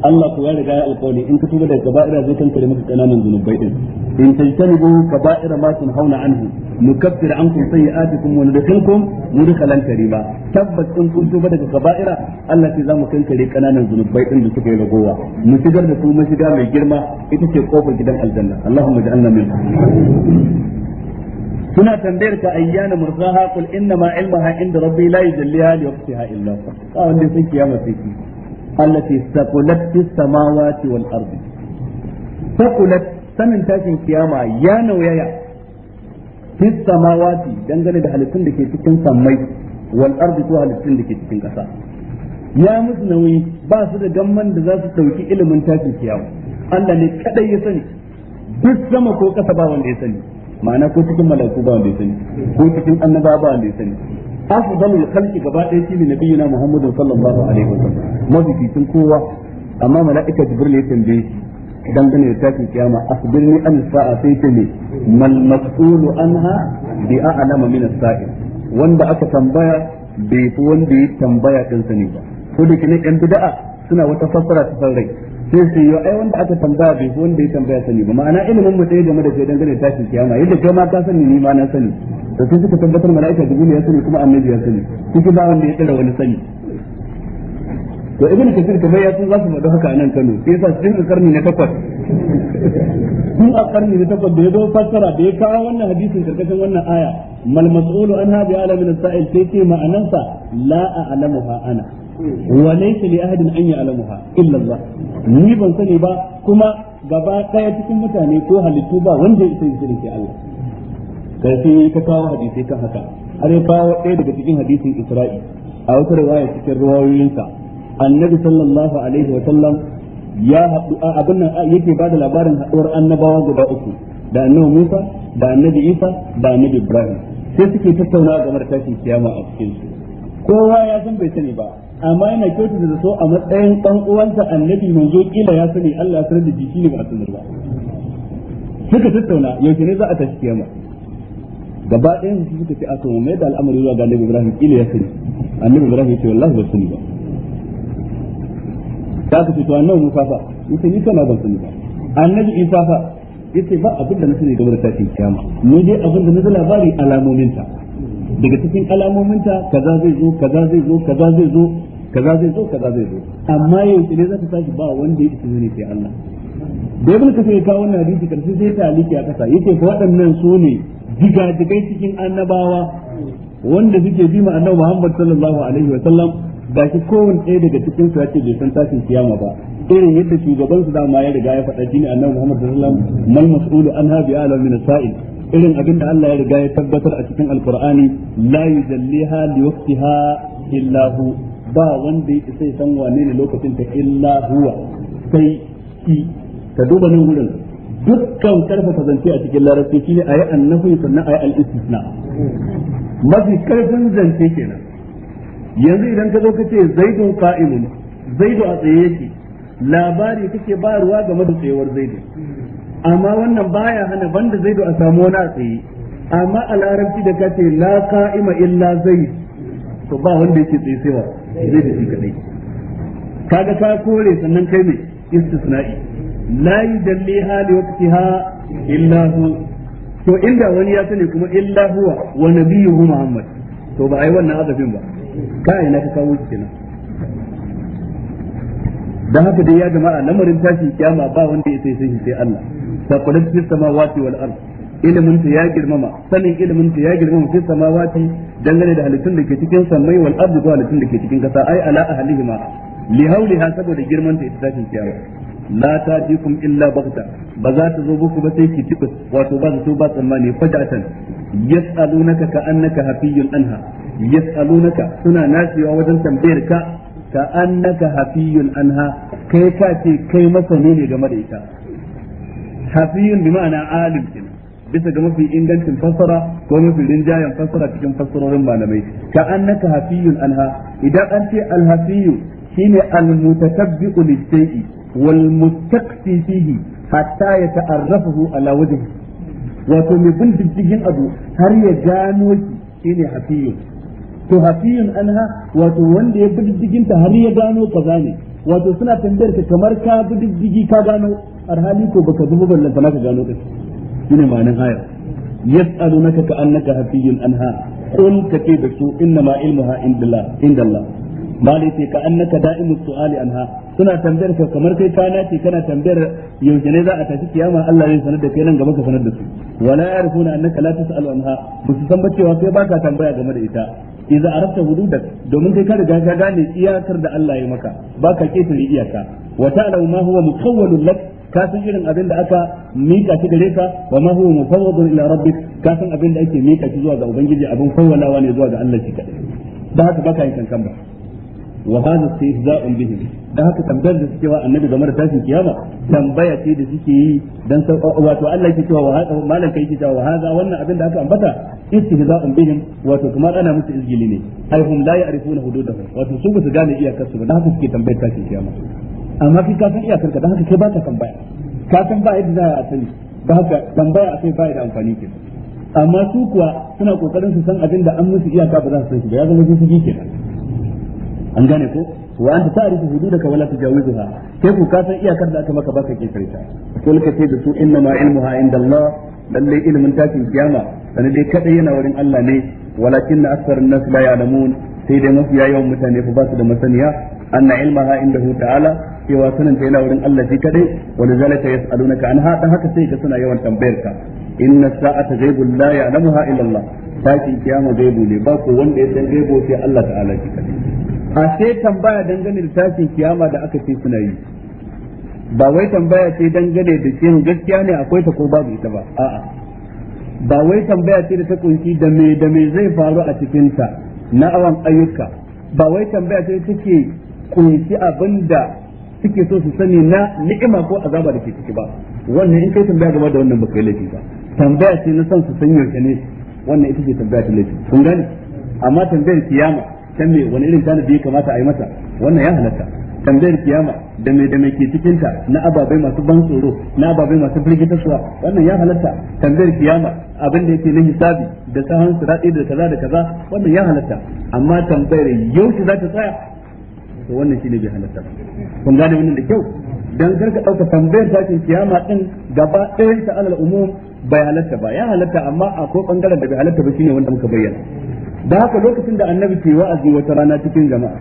Allah ku ya riga ya alƙawari in ka tuba daga kaba'ira zai kankare maka kananan zunubai din in tajtanibu kaba'ira ma hauna anhu nukaffir ankum sayyi'atikum wa nudkhilkum mudkhalan karima tabbas in kun tuba daga kaba'ira Allah sai zamu kankare kananan zunubai din da suka yi ragowa mu shigar da su mashiga mai girma ita ce kofar gidan aljanna Allahumma ja'alna min suna tambayar ka ayyana murzaha qul inna ma ilmaha inda rabbi la yujalliha li waqtiha illa hu wanda sun kiyama sai allati saqulat fis samawati wal ardi saqulat sanin takin kiyama ya nauyaya fis samawati dangane da halittun da ke cikin sammai wal ardi ko halittun da ke cikin kasa ya musu nauyi ba su da gamman da za su dauki ilimin tashin kiyama Allah ne kadai ya sani duk sama ko kasa ba wanda ya sani ma'ana ko cikin mala'iku ba wanda ya sani ko cikin annaba ba wanda ya sani afdalul khalqi gaba ɗaya shine nabiyina muhammadin sallallahu alaihi wasallam mafificin kowa amma mala'ika jibril ya tambaye shi dangane da tashin kiyama asbirni an sa'a sai ta ne mal mas'ulu anha bi a'lama min as-sa'il wanda aka tambaya bai fi wanda ya tambaya din sani ba ko da kine yan bid'a suna wata fassara ta san rai sai su yi ai wanda aka tambaya bai ko wanda ya tambaya sani ba ma'ana ilimin mu sai game da kai dangane da tashin kiyama yadda kai ma ka sani ni ma na sani to sai suka tabbatar mala'ika jibril ya sani kuma annabi ya sani cikin ba wanda ya tsara wani sani to ibn kafir kamar ya za su faɗi haka a nan Kano sai yasa cikin karni na takwas tun a karni na takwas da ya zo fassara da ya kawo wannan hadisin karkashin wannan aya mal mas'ulu anha bi alamin sa'il sai ce ma'anansa la ha ana wa laysa li ahadin an ya'lamuha illa Allah ni ban sani ba kuma gaba daya cikin mutane ko halittu ba wanda ya sani sai Allah kai sai ka kawo hadisi kan haka har ya kawo ɗaya daga cikin hadisin Isra'i a wata riwaya cikin ruwayoyinsa annabi sallallahu alaihi wa sallam ya haɗu abin nan yake bada labarin haɗuwar annabawa guda uku da annabi Musa da annabi Isa da annabi Ibrahim sai suke tattauna game da tashin kiyama a cikin su kowa ya san bai sani ba amma yana kyautu da so a matsayin dan uwansa annabi manzo kila ya sani Allah ya sanar da jiki ne ba a sanar ba suka tattauna yaushe ne za a tashi kiyama gaba ɗayan su suka ce a to mai da al'amari zuwa ga annabi Ibrahim kila ya sani annabi Ibrahim ya ce wallahi ba sani ba ta ka ce to annabi Musa fa yace ni kana ban sani ba annabi Isa fa yace ba abin da na sani game da tashi kiyama ni dai abin da na ji labari alamominta daga cikin alamominta kaza zai zo kaza zai zo kaza zai zo kaza zai zo kaza zai zo amma yanzu ne za tashi ba wanda ya izini sai Allah da ibn kasir ya kawo wannan hadisi karshe sai ta aliki a kasa yace ko waɗannan su ne digadigai cikin annabawa wanda suke bi ma annabi Muhammad sallallahu alaihi wa sallam shi kowanne ɗaya daga cikin su yace bai san tashin kiyama ba irin yadda shugaban su dama ya riga ya faɗa shine annabi Muhammad sallallahu alaihi wa sallam mal mas'ulu anha bi alam min sa'il irin abin da Allah ya riga ya tabbatar a cikin alqur'ani la yujalliha li waqtiha illa hu ba wanda yake sai san wane ne lokacin ta illa huwa sai shi ka duba nan gurin dukkan karfafa zance a cikin larabci shine ayi annahu sannan ayi al-istisna mafi karfin zance kenan yanzu idan ka zo kace zaidun qa'imun zaidu a tsaye yake labari kake ba ruwa game da tsayuwar zaidu amma wannan baya hana banda zaidu a samu wani a tsaye amma a larabci da kace la qa'ima illa zaid to ba wanda yake tsaye sai zai da shi kadai kaga ka kore sannan kai ne istisna'i la yudalliha li waqtiha illa hu to inda wani ya sani kuma illa huwa wa nabiyuhu muhammad to ba ai wannan azabin ba ka ina ka kawo kenan dan haka dai ya jama'a lamarin tashin kiyama ba wanda ya sai sai Allah ta kulat fis samawati wal ardh ilimin ta ya girmama sanin ilimin ta ya girmama fi samawati dangane da halittun da ke cikin sammai wal ardi ko halittun da ke cikin kasa ai ala ahlihima li hauliha saboda girman ta ita tashin kiyama la ta tatikum illa baghta ba za ta zo muku ba sai ki tibi wato ba zato ba tsammani fajatan yas'alunaka ka annaka hafiyun anha yas'alunaka suna nasiwa wajen tambayar ka ka annaka hafiyun anha kai ka ce kai masani ne game da ita hafiyun bi ma'ana alim bisa ga mafi ingancin fassara ko mafi rinjayen fassara cikin fassarorin malamai ka annaka hafiyun anha idan an ce alhafiyu shine almutakabbi'u lis-shay'i wal mustaqsi fihi hatta yata'arrafahu ala wajhihi wato mai bin diddigin abu har ya gano shi shine hafiyun to hafiyun anha wato wanda ya bi diddiginta har ya gano kaza ne wato suna tambayar ka kamar ka bi diddigi ka gano arhali ko baka zuba ballan ka gano kai shine ma'anin naka yas'alunaka ka'annaka hafiyun anha qul kace da su inna ma ilmuha indallah indallah bali sai ka'annaka da'imu su'ali anha suna tambayar ka kamar kai ka ce kana tambayar yaushe ne za a tashi kiyama Allah zai sanar da kai nan gaba ka sanar da su wala yarfuna annaka la tasalu anha ba su san ba cewa sai baka tambaya game da ita idza arafta hududak domin kai ka riga ka gane iyakar da Allah ya maka baka ketare iyaka wa ta'lamu ma huwa mukawwalun lak ka san irin abin da aka mika shi gare ka wa ma huwa mufawwadun ila rabbik ka san abin da ake mika shi zuwa ga ubangiji abin fawwalawa ne zuwa ga Allah shi kadai da haka baka yin kankan ba wa hadha istihza'un bihim da haka tambayar da suke wa annabi game da tashin kiyama tambaya ce da suke yi dan wato Allah yake cewa wa hadha malan kai yake cewa wa hadha wannan abin da aka ambata istihza'un bihim wato kuma ana musu izgili ne ai hum la ya'rifuna hududahum wato su ba su gane iyakar su ba da haka suke tambayar tashin kiyama amma kai ka san iyakar ka dan haka kai ba ka tambaya ka san ba yadda za a sani ba haka tambaya a sai ba da amfani ke amma su kuwa suna kokarin su san abin da an musu iyaka ba za su san shi ba ya zama su ji kenan an gane ko wa anta ta'rifu hududaka wala tujawizuha kai ku ka san iyakar da aka maka baka ke ta to lika ce da su inna ma ilmuha inda Allah lalle ilimin tashin kiyama dan dai kada yana wurin Allah ne walakin aktharun nas la ya'lamun sai dai mafiya yawan mutane fa ba su da masaniya anna ilmaha indahu ta'ala cewa sanin ta yana wurin Allah shi kadai wa lidhalika yas'alunaka anha dan haka sai ka suna yawan tambayar ka inna sa'ata ghaibun la ya'lamuha illa Allah tashi kiyama gaibu ne ba ko wanda ya san gaibu sai Allah ta'ala shi kadai a sai tambaya dangane da tashin kiyama da aka ce suna yi ba wai tambaya ce dangane da cin gaskiya ne akwai ta ko babu ita ba a'a ba wai tambaya ce da ta kunshi da me da me zai faru a cikin ta na awan ayyuka ba wai tambaya ce take kunshi abinda suke so su sani na ni'ima ko azaba da ke ciki ba wannan in kai tambaya game da wannan baka yi laifi ba tambaya ce na son su san yaushe ne wannan ita ce tambaya ta laifi kun gani amma tambayar kiyama can me wani irin tanadi ya kamata a yi mata wannan ya halatta tambayar kiyama da mai da mai ke cikinta na ababai masu ban tsoro na ababai masu firgitarwa wannan ya halatta tambayar kiyama abin da yake na hisabi da sahan sirati da kaza da kaza wannan ya halatta amma tambayar yaushe za ta tsaya to wannan shine bai halatta ba kun gane wannan da kyau dan karka dauka tambayar sakin kiyama din gaba ɗayan ta alal umum bai halatta ba ya halatta amma akwai bangaren da bai halatta ba shine wanda muka bayyana da haka lokacin da annabi ke wa'azi wata rana cikin jama'a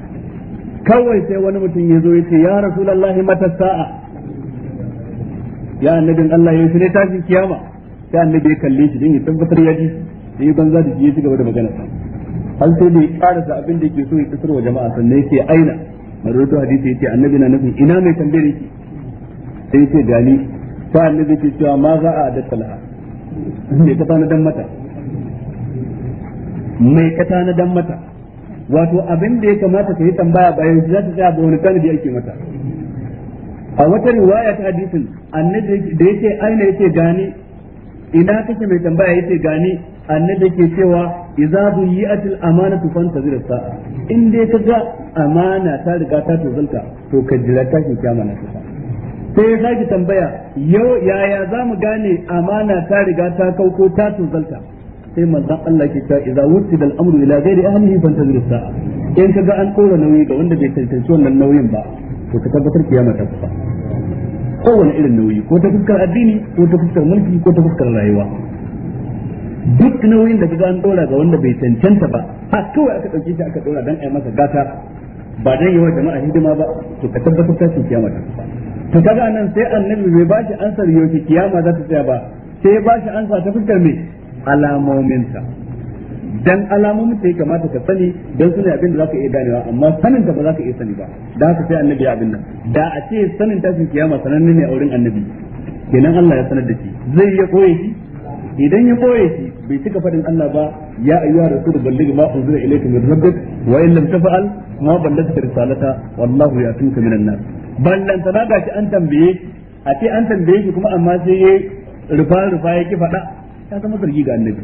kawai sai wani mutum ya zo ya ce ya rasulullahi mata sa'a ya annabin Allah ya ne tashin kiyama sai annabi ya kalle shi din ya tabbatar ya ji sai banza da ji ya ci gaba da magana har sai da ya karasa abin da yake so ya kasar jama'a sannan ya ke aina a rawaito hadisi yace annabi na nufin ina mai tambayar yake sai yace gani fa annabi ke cewa ma za a da talaha me ka tana dan mata mai ka tana dan mata wato abin da ya kamata ka yi tambaya bayan za ta tsaya ba wani kalibi ake mata a wata riwaya ta hadisin annabi da yake aina yake gani ina kake mai tambaya yace gani annabi ke cewa idza yi'atul amanatu fantazir sa'a in dai ga amana ta riga ta tozalta to ka jira ta ke kyama na kusa sai ya sake tambaya yau yaya za mu gane amana ta riga ta kauko ta tozalta sai manzon Allah ke ta iza wuce da al'amuru ila ahalihi ban ta sa'a in ga an kora nauyi ga wanda bai tantance wannan nauyin ba to ka tabbatar kiyama ta kusa kowane irin nauyi ko ta fuskar addini ko ta fuskar mulki ko ta fuskar rayuwa duk nauyin da kaga an dora ga wanda bai cancanta ba a kawai aka dauke shi aka dora dan ai masa gata ba dan wa jama'a hidima ba to ka tabbatar tashin kiyama ta to kaga nan sai annabi bai ba shi ansar yau kiyama za ta tsaya ba sai ya ba shi ansa ta fuskar me ta. dan alamomin ta ya kamata ka sani dan suna abin da zaka iya ganewa amma sanin ta ba zaka iya sani ba da haka sai annabi ya abin nan da a ce sanin tashin kiyama sananne ne a wurin annabi kenan Allah ya sanar da shi zai ya koye shi idan ya koye shi bai cika fadin Allah ba يا أيها الرسول بلغ ما أنزل إليك من ربك وإن لم تفعل ما بلغت رسالته والله يأتيك من الناس بل لن تناقش أن تنبيه أتي أن تنبيه كما أما سيئ رفا رفا يكي فتا هذا ما ترجي قال النبي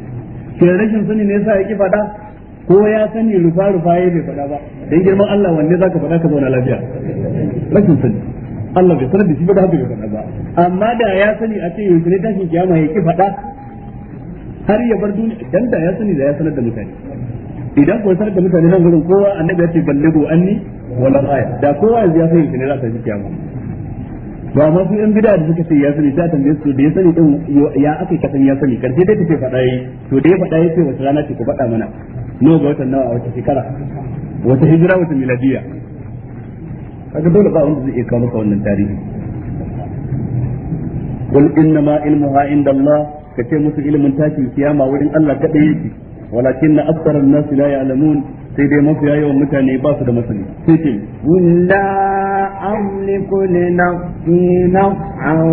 في رجل سني نيسا يكي فتا ko ya sani rufa rufa ya bai faɗa ba dan girman Allah wanne zaka faɗa ka zauna lafiya rashin sani Allah bai sanar da shi haka bai faɗa ba amma da ya sani a ce yanzu ne tashin kiyama ya ki faɗa har ya bar duniya dan da ya sani da ya sanar da mutane idan ko sanar da mutane nan gurin kowa annabi ya ce ballighu anni wala aya da kowa yanzu ya sani ne za ta ji kiyama ba ma su yan bid'a da suka ce ya sani ta tambaye su da ya sani din ya aka kasan ya sani karshe dai take faɗa yi to da ya faɗa yi sai wata rana ce ku faɗa mana n'o ga watan nawa a wata shekara wata hijira wata miladiya kaga dole ba wanda zai iya kawo maka wannan tarihi قل إنما علمها عند الله kace musu ilimin tashin kiyama wurin Allah kaɗai yake walakin na aksara nasu la ya'lamun sai dai mafi yawan mutane ba su da masani sai ce amliku li nafsi naf'an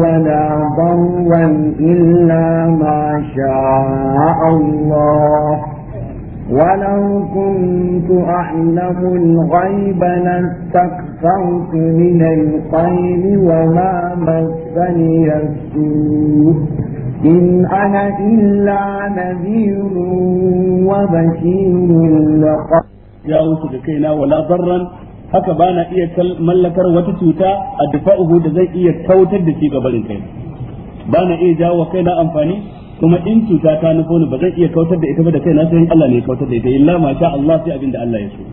wa la dharran illa ma sha'a Allah ولو كنت أعلم الغيب لاستكثرت من الخير وما مسني السوء إن أنا إلا نذير وبشير لقد يا وسك كينا ولا ضرا haka ba na iya mallakar wata cuta a uku da zai iya kautar da shi gabarin kai ba na iya jawo wa kaina amfani kuma in cuta ta nufo ni ba zan iya kautar da ita ba da kaina sai Allah ne ya kautar da ita illa ma sha Allah sai abinda Allah ya so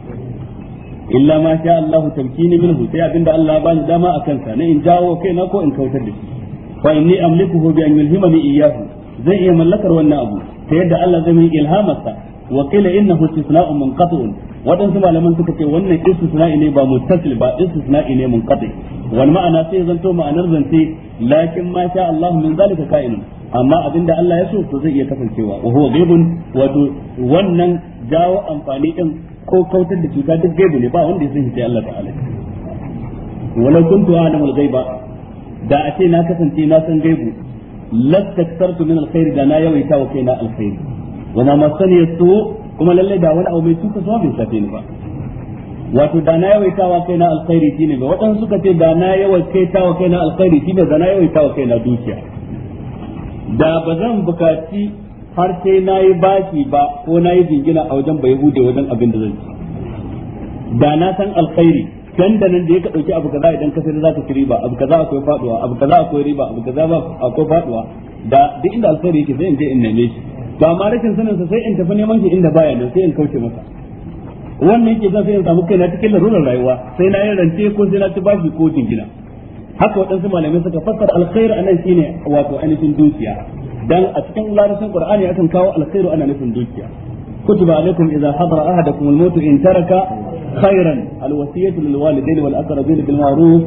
illa ma sha Allah tamkini minhu sai abinda Allah ya bani dama akan sa ne in jawo kaina ko in kautar da shi fa inni amlikuhu bi an yulhimani iyyahu zai iya mallakar wannan abu ta yadda Allah zai yi ilhamarsa wa qila innahu istisna'un munqati'un wadansu malaman suka ce wannan istisna'i ne ba muttasil ba istisna'i ne munqati wal ma'ana sai zanto ma'anar zance lakin ma sha Allah min zalika ka'inun amma abinda Allah ya so to zai iya kasancewa wa huwa ghaibun wato wannan jawo amfani din ko kautar da cuta duk gaibu ne ba wanda ya san shi sai Allah ta'ala walau kuntu a'lamu al-ghaiba da a ce na kasance na san gaibu sarku min alkhairi da na yawaita wa kaina alkhairi wa ma masani yasu kuma lalle da wani abu mai tuka zuwa bin safe ba wato da na yawaita wa kaina alkhairi shine ba wadan suka ce da na yawaita wa kaina alkhairi shine da na yawaita wa kaina dukiya da ba zan bukaci har sai na yi baki ba ko na yi jingina a wajen bai hude wajen abin da zan ci da na san alkhairi dan da nan da yake dauki abu kaza idan ka sai zaka ci riba abu kaza akwai faduwa abu kaza akwai riba abu kaza akwai faduwa da duk inda alkhairi yake sai in je in neme shi ba ma rashin sanin sa sai in tafi neman shi inda baya nan sai in kauce masa wannan yake zan sai in samu kaina cikin larurar rayuwa sai na yi rance ko sai na ci bashi ko jingina haka waɗansu malamai suka fassara alkhair anan shine wato ainihin dukiya dan a cikin larabcin qur'ani akan kawo alkhairu ana nufin dukiya kutiba alaikum idza hadara ahadakum al in taraka خيرا الوصية للوالدين والأقربين بالمعروف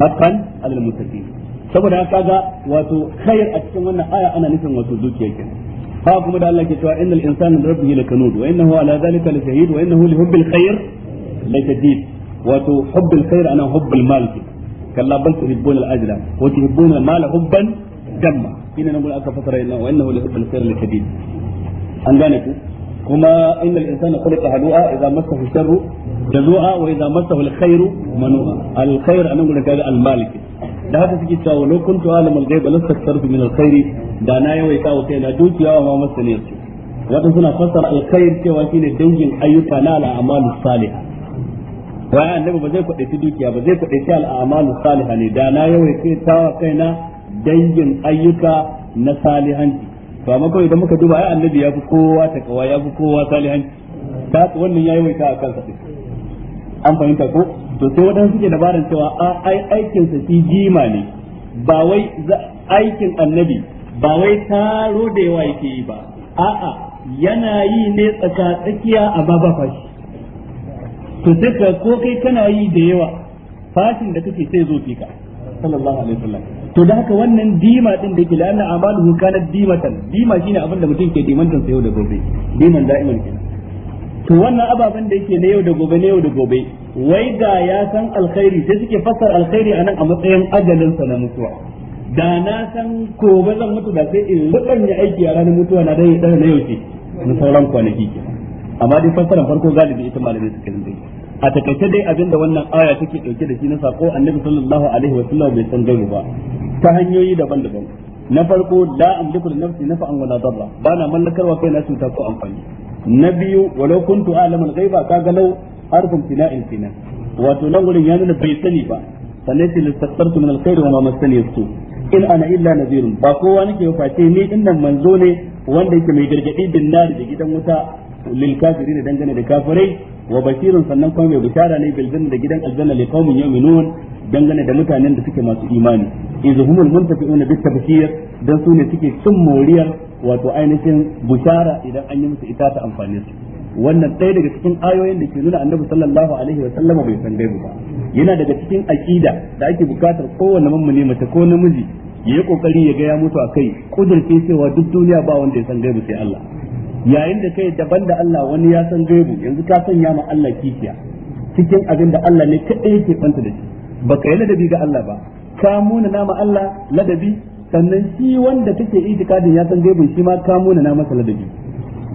حقا على المتقين saboda haka ga wato khair a cikin wannan aya ana nufin wato dukiya kenan ha kuma da Allah ke cewa innal insana li rabbihi lakanud wa innahu ala lashahid wa innahu li hubbil khair lashadid wato hubbil khair ana mal kalla bal tuhibbuna al ajra wa tuhibbuna al mala hubban jamma nan aka fasara inna innahu li hubbil khair lashadid an gane ku kuma innal insana khuliqa halu'a idza massahu sharru jazu'a wa idza massahu manu'a anan gurin kaga da haka suke cewa al lastaktartu min al-khairi da na yawaita wa na dukiya wa ma wato suna fassara al-khair cewa shine dangin ayyuka na al-a'malu annabi ba zai kwadaci dukiya ba zai kwadaci al-a'malu ne da na yawaita wa kaina dangin ayyuka na salihanci to amma kawai idan muka duba ai annabi ya fi kowa takawa ya fi kowa salihan ta wannan yayi ta a kansa an fahimta ko to sai wadan suke dabaran cewa a ai aikin sa shi jima ne ba wai aikin annabi ba wai taro da yawa yake yi ba a'a yana yi ne tsaka tsakiya a baba fashi to sai ka ko kai kana yi da yawa fashin da kake sai zo fika sallallahu alaihi wasallam to da haka wannan dima din da ke la anna amaluhu kanat dimatan dima shine abin da mutum ke dimantan sa yau da gobe diman da'iman kenan to wannan ababen da yake na yau da gobe na yau da gobe wai da ya san alkhairi sai suke fassar alkhairi anan a matsayin ajalinsa na mutuwa da na san gobe zan mutu da sai in rubanya aiki a ranar mutuwa na dai na yau ce na sauran kwanaki amma dai fassarar farko galibi ita malamai suka rinda a takaice dai abinda wannan aya take dauke da shi na sako annabi sallallahu alaihi wa sallam bai san gaibu ba ta hanyoyi daban-daban na farko la amliku li nafsi naf'an wala darra bana mallakarwa kaina cuta ko amfani na biyu walau kuntu a'lamu al-ghaiba kaga law harfun tina'in fina wato nan gurin ya nuna bai sani ba sannan sai listasartu min al-khair wa ma masani su in ana illa nadhirun ba kowa nake ba face ni innan manzo ne wanda yake mai gargadi bin da da gidan wuta lil kafirin dangane da kafirai wa bashirin sannan kuma mai bishara ne bil da gidan aljanna li qaumin yu'minun dangane da mutanen da suke masu imani izhumul muntafi'una bit tabshir dan su ne suke cin moriyar wato ainihin bushara idan an yi musu ita ta amfane su wannan ɗaya daga cikin ayoyin da ke nuna annabi sallallahu alaihi wa sallam bai san gaibu ba yana daga cikin aqida da ake bukatar kowanne mummuni mace ko namiji ya yi kokari ya ga ya mutu kai kudurce cewa duk duniya ba wanda ya san gaibu sai Allah yayin da kai daban da Allah wani ya san gaibu yanzu ka sanya ma Allah kishiya cikin abin da Allah ne kadai yake banta da shi baka yi ladabi ga Allah ba ka muna nama Allah ladabi sannan shi wanda kake itikadin ya san gaibu shi ma ka muna na masa ladabi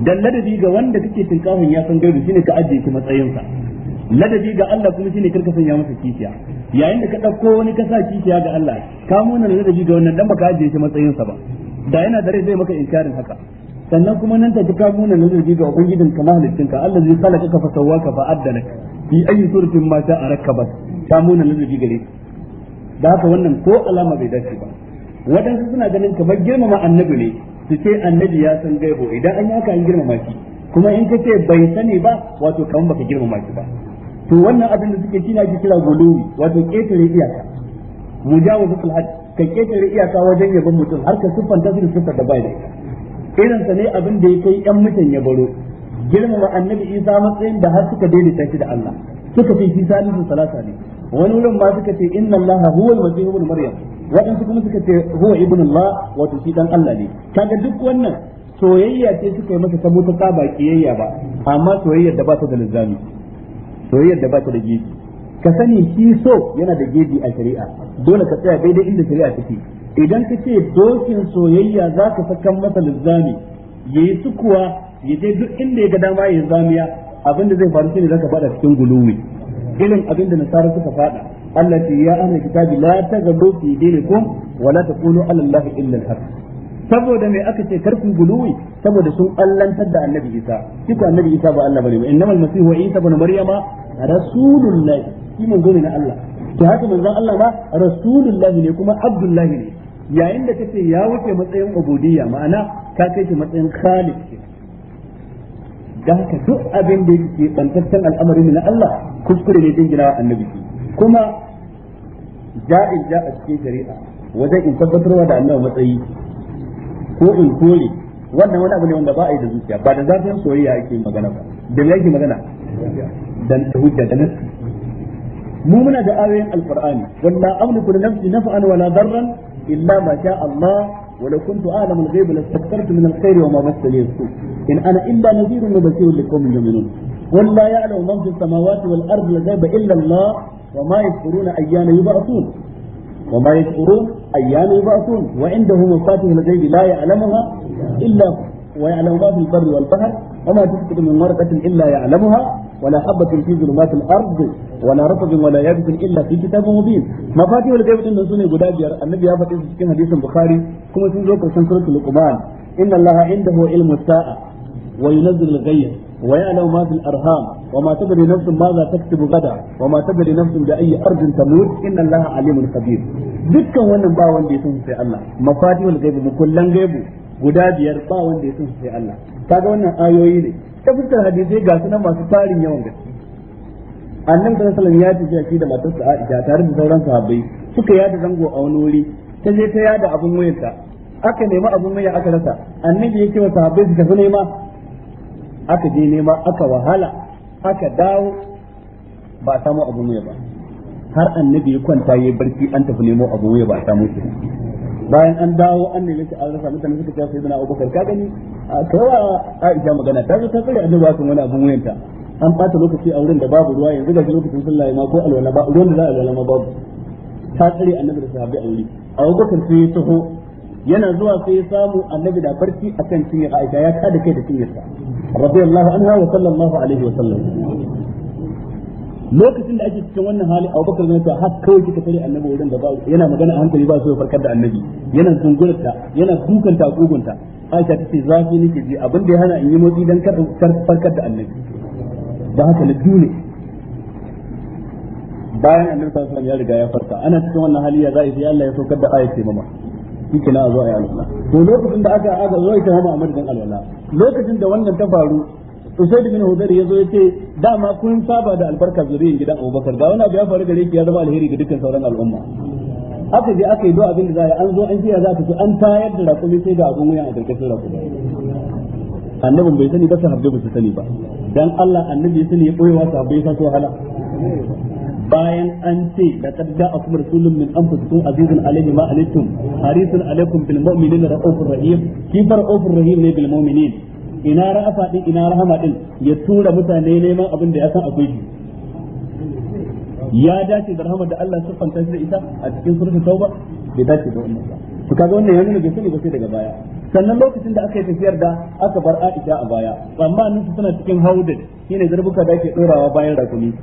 dan ladabi ga wanda kake tinkahun ya san gaibu shine ka ajiye shi matsayinsa ladabi ga Allah kuma shine karka sanya masa kishiya yayin da ka dauko wani ka sa kishiya ga Allah ka muna ladabi ga wannan dan baka ajiye shi matsayinsa ba da yana da rai zai maka inkarin haka sannan kuma nan take ka muna nazari ga ubangijin ka mahaliccin ka Allah zai salaka ka fasawa ka fa addalaka fi ayi suratin mata a arakkabat ta muna nazari gare da haka wannan ko alama bai dace ba wadansu suna ganin kamar girmama annabi ne su ce annabi ya san gaibo idan an yaka an girmama shi kuma in ka ce bai sani ba wato kamar baka girmama shi ba to wannan abin da suke kina ake kira guluwi wato ketare iyaka mujawazatul hadd ka ketare iyaka wajen yaban mutum har ka siffanta su da siffar da bai da ita sa ne abin da ya kai yan mutan ya baro girmama annabi isa matsayin da har suka daidaita shi da Allah suka ce shi salisu salasa ne wani wurin ma suka ce inna Allah huwa al-masih ibn maryam waɗansu kuma suka ce huwa ibn Allah wato shi dan Allah ne kaga duk wannan soyayya ce suka yi masa saboda ta ba kiyayya ba amma soyayyar da ba ta da lizzami soyayyar da ba ta da gefe ka sani shi so yana da gefe a shari'a dole ka tsaya daidai inda shari'a take idan ka ce dokin soyayya za ka sakan masa lizzami ya yi sukuwa ya je duk inda ya ga dama ya zamiya abinda zai faru shi ne shine ka fada cikin gulumi. irin abinda nasara suka fada Allah ce ya ahli kitabi la taghlu fi dinikum wa la taqulu ala Allah illa al-haq saboda me aka ce karfin gulumi? saboda sun allantar da annabi Isa shi ko annabi Isa ba Allah bane innamal masihu Isa ibn maryama rasulullahi shi mun gone na Allah to haka manzon Allah ma rasulullahi ne kuma abdullahi ne yayin da kace ya wuce matsayin ubudiyya ma'ana ka kai shi matsayin khaliq da haka duk abin da yake bantaccen al'amari na Allah kuskure ne dingina annabi kuma ja'in ja a cikin shari'a wajen in tabbatarwa da annabi matsayi ko in kore wannan wani abu ne wanda ba a yi da zuciya ba da zafin soyayya ake magana ba da me yake magana dan ta hujja da nafsi mu muna da ayoyin alqur'ani walla amliku li nafsi naf'an wala darran إلا ما شاء الله ولو كنت أعلم الغيب لاستكثرت من الخير وما لي السوء إن أنا إلا نذير وبشير لقوم يؤمنون قل لا يعلم من في السماوات والأرض الغيب إلا الله وما يذكرون أيان يبعثون وما يذكرون أيان يبعثون وعنده مفاتيح الغيب لا يعلمها إلا هو ويعلم ما في البر والبحر وما تسقط من ورقة إلا يعلمها ولا حبة في ظلمات الأرض ولا رطب ولا يابس إلا في كتاب مبين مفاتيح الغيب إن سنة غدابير النبي يافت إذ كان حديث البخاري كما تنزل كرسان سورة لقمان إن الله عنده علم الساعة وينزل الغيث ويعلم ما في الأرهام وما تدري نفس ماذا تكتب غدا وما تدري نفس بأي أرض تموت إن الله عليم خبير dukkan wannan ba wanda ya san sai Allah mafatihul ghaibi mukullan ghaibi guda biyar ba wanda ya san sai Allah kaga wannan ayoyi ne ta fuskar hadisi ga sunan masu tarin yawan gaske da sallallahu alaihi wasallam ya tafi shi da matarsa Aisha tare da sauran sahabbai suka yada zango a wani wuri ta je ta yada abun wayarta aka nemi abun wayar aka rasa ya yake wa sahabbai su tafi nema aka je nema aka wahala aka dawo ba ta samu abun wayar ba har annabi ya kwanta yayi barci an tafi nemo abun wayar ba ta samu shi bayan an dawo an nemi shi an rasa mutane suka ce sai dana Abubakar ka gani kai a Aisha magana ta zo ta tsare annabi akan wani abun wayanta an bata lokaci a wurin da babu ruwa yanzu ga lokacin sallah ma ko alwala ba ruwan da za a alwala ma babu ta tsare annabi da sahabbai a wuri Abubakar sai ya taho yana zuwa sai ya samu annabi da barci akan cinyar Aisha ya kada kai da cinyarsa radiyallahu anha wa sallallahu alaihi wa sallam lokacin da ake cikin wannan hali Abu Bakar ne har kawai kika tare annabi wurin ba yana magana a hankali ba su farkar da annabi yana zungurta yana dukan takugunta Aisha tace zafi nake ji abin da ya hana in yi motsi dan kar farkar da annabi da haka na ne bayan annabi sallallahu alaihi ya riga ya farka ana cikin wannan hali ya za'i ya Allah ya saukar da ayati mama shike na zo ayi alwala to lokacin da aka aka zo ita mama a madadin alwala lokacin da wannan ta faru usaid bin hudair ya ce. dama kun saba da albarka zuriyin gidan abubakar ga wani abu ya faru gare ki ya zama alheri ga dukkan sauran al'umma aka je aka yi do abin da za a yi an zo an kiyaye za ta ce an tayar da rakumi sai ga abun wuya a karkashin rakumi annabin bai sani ba sahabbai ba su sani ba dan Allah annabi sani ya koyewa sahabbai sa so hala bayan an ce da kad ja'akum rasulun min anfusikum azizun alayhi ma anittum harisun alaykum bil mu'minin ra'ufur rahim kifar ra'ufur rahim ne bil mu'minin ina ra'afa din ina rahama din ya tura mutane neman abin da ya san akwai shi ya dace da rahama da Allah siffanta shi da ita a cikin surat tauba bai dace da wannan to kaga wannan ya nuna bai sani ba sai daga baya sannan lokacin da aka yi tafiyar da aka bar Aisha a baya amma nan suna cikin haudud shine zarbuka da ake dorawa bayan rakumi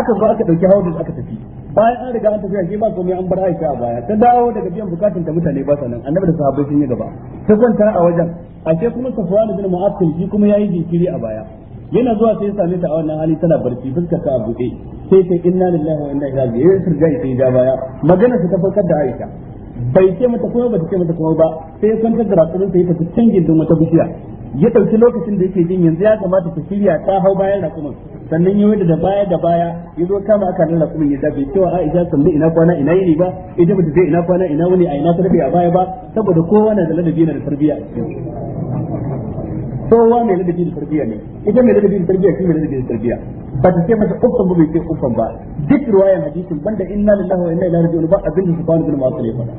aka zo aka dauki haudud aka tafi bayan an riga an tafiya shi ba komai an bar Aisha a baya ta dawo daga biyan bukatun ta mutane ba sanan annabi da sahabbai sun yi gaba ta kwanta a wajen ashe kuma Safwan bin Mu'attal shi kuma yayi jikiri a baya yana zuwa sai ya same ta a wannan hali tana barci fuskar ta a buɗe sai ta inna lillahi wa inna ilaihi raji'un sai ta yi da baya magana ta farkar da Aisha bai ce mata kuma ba ta ce mata kuma ba sai ya kwantar da rakumin ta yi ta cikin gindin wata bishiya ya ɗauki lokacin da yake jin yanzu ya kamata ta shirya ta hau bayan rakumin sannan ya da baya da baya ya zo kama aka nan rakumin ya dafe cewa isa sallu ina kwana ina yini ba ita mutu zai ina kwana ina wani a ina tarbiya a baya ba saboda kowa na da ladabi na da tarbiya kowa mai ladabi da tarbiya ne ita mai ladabi da tarbiya shi mai ladabi da tarbiya ba ta ce masa uffan ba bai ce uffan ba duk ruwayan hadisin banda inna lillahi wa inna ilaihi raji'un ba abin da kwana da ta'ala ya faɗa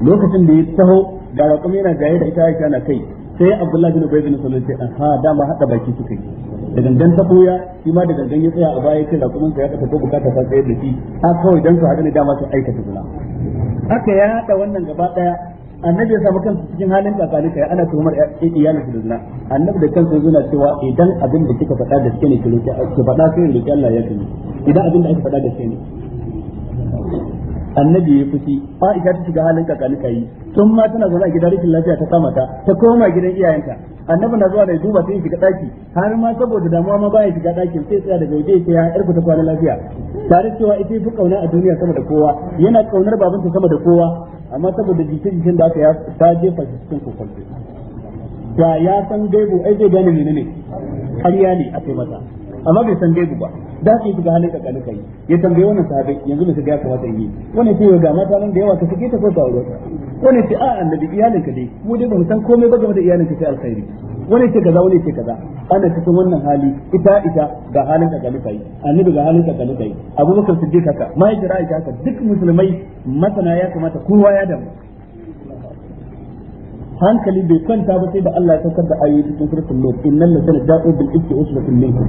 lokacin da ya taho da rakumin yana gaye da ita Aisha na kai sai abdullahi bin ubay bin a sai aha dama hada baki suka yi da dangan ta koya shi ma da dangan ya tsaya a baya yace da kuma ya kasa ko bukata ta tsayar da shi a kawai dan su haka ne dama su aikata zina haka ya hada wannan gaba daya annabi ya samu kansa cikin halin tsakanin kai ana tuhumar iyalin su da zina annabi da kansa yana cewa idan abin da kika faɗa da shi ne ki faɗa sai da Allah ya kini idan abin da aka faɗa da shi ne annabi ya fushi Aisha ta shiga halin kakanika kai tun ma tana zaune a gidan rikin lafiya ta kama ta ta koma gidan iyayenta annabi na zuwa da duba sai shiga daki har ma saboda damuwa ma baya shiga dakin sai tsaya daga waje sai ya irku ta kwana lafiya tare cewa ita fi kauna a duniya sama da kowa yana kaunar babanta sama da kowa amma saboda jikin jikin da aka ya ta jefa cikin kokonta ya ya san gaibu ai zai gane menene ƙarya ne a kai mata amma bai san gaibu ba da ka yi shiga halin ka kanuka yi ya tambaye wannan sahabi yanzu mu shiga ya kamata yi wannan ce ga mata nan da yawa ka kike ta ko ta aure Wani ce a annabi iyalin ka dai mu dai ba mu san komai ba game da iyalin ka sai alkhairi wani ce kaza wani ce kaza ana cikin wannan hali ita ita ga halin ka kanuka yi annabi ga halin ka kanuka yi abubakar siddiq haka mai jira'i ita haka duk musulmai masana ya kamata kowa ya damu hankali bai kwanta ba sai da Allah ya saukar da ayoyi cikin suratul nur innal ladina da'u bil ifki usratun minkum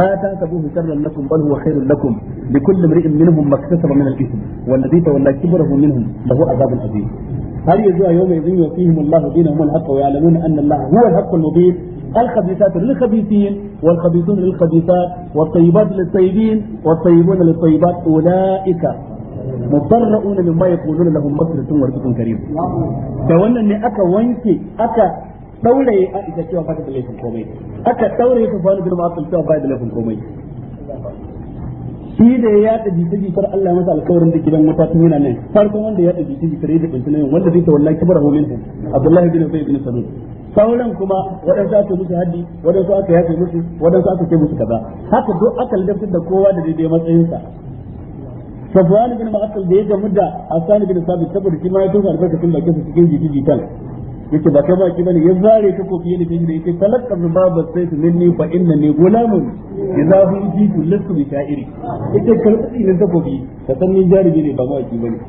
la tankabuhu sharran lakum bal huwa khairun lakum li kulli imrin minhum maktasaba min al ithm wal ladhi tawalla kibrahu minhum lahu adhabun adhim har yanzu a yau mai zin yusihim Allahu dinahum al haqq wa ya'lamuna anna Allah huwa al haqq al mubin al lil lil khabithin wal khabithat wat للخبيثين lit tayyibin wat tayyibuna lit tayyibat أولئك mubarra'un mimma yaquluna lahum maghfiratun wa rizqun karim da wannan ne aka wanke aka dauraye Aisha cewa ba ta da laifin komai aka dauraye ta bani bin Ma'qil cewa ba da laifin komai shi da ya yada jita jitar Allah masa alkawarin da gidan wuta tun yana nan farkon wanda ya yada jita jitar yadda bincin nan wanda zai tawalla kibarahu minhum Abdullahi bin Ubay bin Salul sauran kuma waɗansu aka musu haddi waɗansu aka yafe musu waɗansu aka ce musu kaza haka duk aka ladabtar da kowa da daidai matsayinsa safwan bin ma'akkal da ya gamu da asani bin sabit saboda shi ma ya tofa albarkacin bakin sa cikin jiki jital yace ba kai baki bane ya zare ta kofi ne din da yake talakka min babu saytu minni fa innani gulamun idza hu jitu lasu bi sha'iri yace karbi ne ta kofi ka san ni jarumi ne ba mawaki bane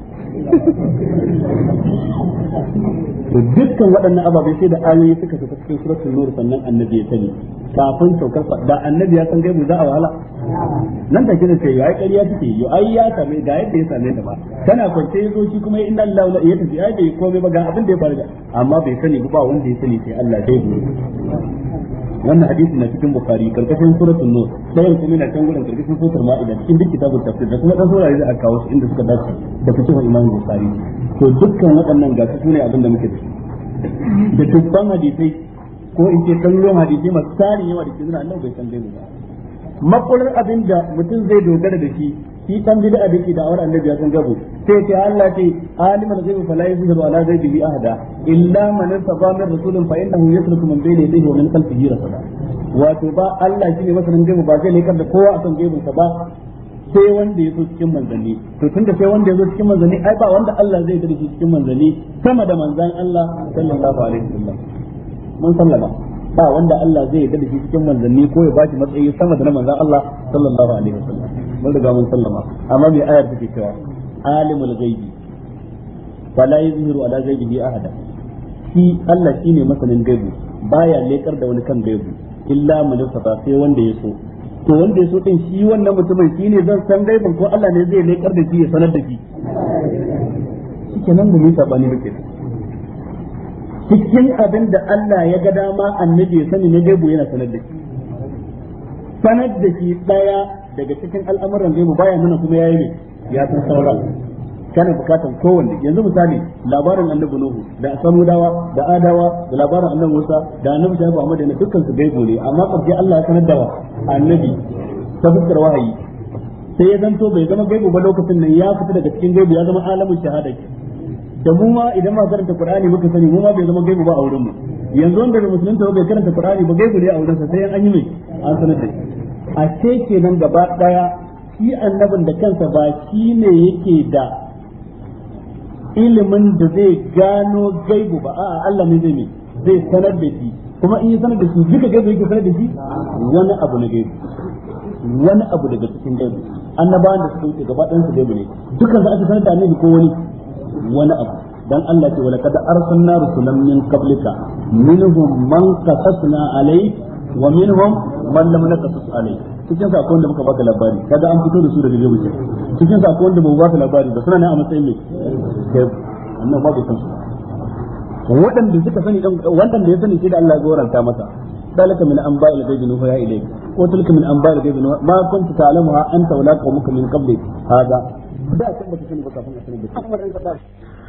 to dukkan waɗannan ababe sai da ayoyi suka fita cikin suratul nur sannan annabi ya sani kafin saukar da annabi ya san gaibu za a wahala nan take da sai yayi ƙarya take yo ai ya same da yadda ya same ta ba tana kwance yazo shi kuma inna Allah wa ya tafi ai bai komai ba ga abin da ya faru amma bai sani ba wanda ya sani sai Allah dai wannan hadisi na cikin bukari karkashin suratul nur sai kuma na can gurin karkashin suratul maida cikin duk kitabun tafsir da kuma dan saurare da aka kawo su inda suka dace da cikin imam bukari to dukkan waɗannan ga su ne abin da muke da shi da dukkan hadisai ko in ce kallo hadisi masu tarin yawa da ke nuna annabi bai san dai ba makular abin da mutum zai dogara da shi shi dan bid'a da ke da awar annabi ya san gabo sai ce Allah ce alimul ghaibi fala yuzhiru ala ghaibihi ahada illa man istafa min rasulin fa innahu yasluku min bayni yadayhi wa min khalfihi rasula wato ba Allah ne masanin ghaibi ba zai lekar da kowa akan ghaibin sa ba sai wanda ya zo cikin manzanni to tunda sai wanda ya zo cikin manzanni ai ba wanda Allah zai dare shi cikin manzanni sama da manzan Allah sallallahu alaihi wasallam mun sallama ba wanda Allah zai yarda da shi cikin manzanni ko ya ba shi matsayi sama da na manzan Allah sallallahu alaihi wasallam mun riga mun sallama amma me ayar take cewa alimul ghaibi fala yuzhiru ala ghaibihi ahada shi Allah shine masanin gaibi baya lekar da wani kan gaibi illa man yusata sai wanda ya so to wanda ya so din shi wannan mutumin shi ne zan san gaibin ko Allah ne zai lekar da shi ya sanar da shi shikenan mu yi sabani muke cikin abin da Allah ya ga dama annabi ya sani ne gaibu yana sanar da shi sanar da shi daya daga cikin al'amuran gaibu baya nuna kuma yayi ne ya san sauran kana bukatan kowanne yanzu misali labarin annabi nuhu da samudawa da adawa da labarin annabi musa da annabi shafi a da dukkan su gaibo ne amma karshe Allah ya sanar da annabi ta fuskar wahayi sai ya zanto bai zama gaibo ba lokacin nan ya fita daga cikin gaibo ya zama alamin shahada da mu ma idan ma karanta qur'ani muka sani mu ma bai zama gaibo ba a wurin mu yanzu wanda bai musulunta bai karanta qur'ani ba gaibo ne a wurin sa sai an yi mai an sanar da a ce kenan gaba daya shi annabin da kansa ba shi ne yake da ilimin da zai gano gaibu ba a Allah ne zai ne zai sanar da shi kuma in yi sanar da shi duka gaibu yake sanar da shi wani abu na gaibu wani abu daga cikin gaibu annabawan da suka wuce gaba ɗansu gaibu ne dukkan a aka sanar da annabi ko wani wani abu dan Allah ce wala kada arsalna rusulan min qablika minhum man qasasna alayhi wa minhum man lam naqasas alayhi cikin sakon akwai muka baka labari kaga an fito da su daga jebu cikin sakon akwai muka ba baka labari ba suna ne a matsayin ne annan babu san su waɗanda suka sani dan waɗanda ya sani sai da Allah ya goranta masa dalika min anba'il ghaibi nuhu ya ilayka wa tilka min anba'il ghaibi nuhu ma kunta ta'lamuha anta wa la qawmuka min qabli hada da kan baka sani ba kafin ka sani ba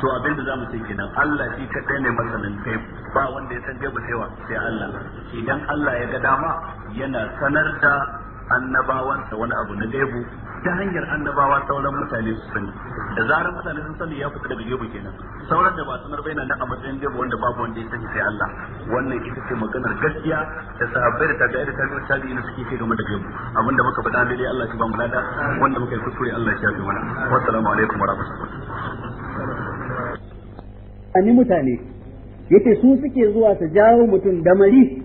to abinda za mu ce kenan Allah shi kadai ne masanin kai ba wanda ya san gaba cewa sai Allah idan Allah ya ga dama yana sanar da annabawansa wani abu na gaibu ta hanyar annabawa sauran mutane su sani da zarar mutane sun sani ya fita daga gaibu kenan sauran da ba sanar bai nan a matsayin gaibu wanda babu wanda ya sani sai Allah wannan ita ce maganar gaskiya da sahabbai da tabi'ai da tabi'u tabi'ina suke kai game da gaibu abinda muka faɗa dai Allah shi ba mu lada wanda muka yi kuskure Allah shi ya fi mana wassalamu alaikum warahmatullahi ani mutane yake su suke zuwa su jawo mutum da mari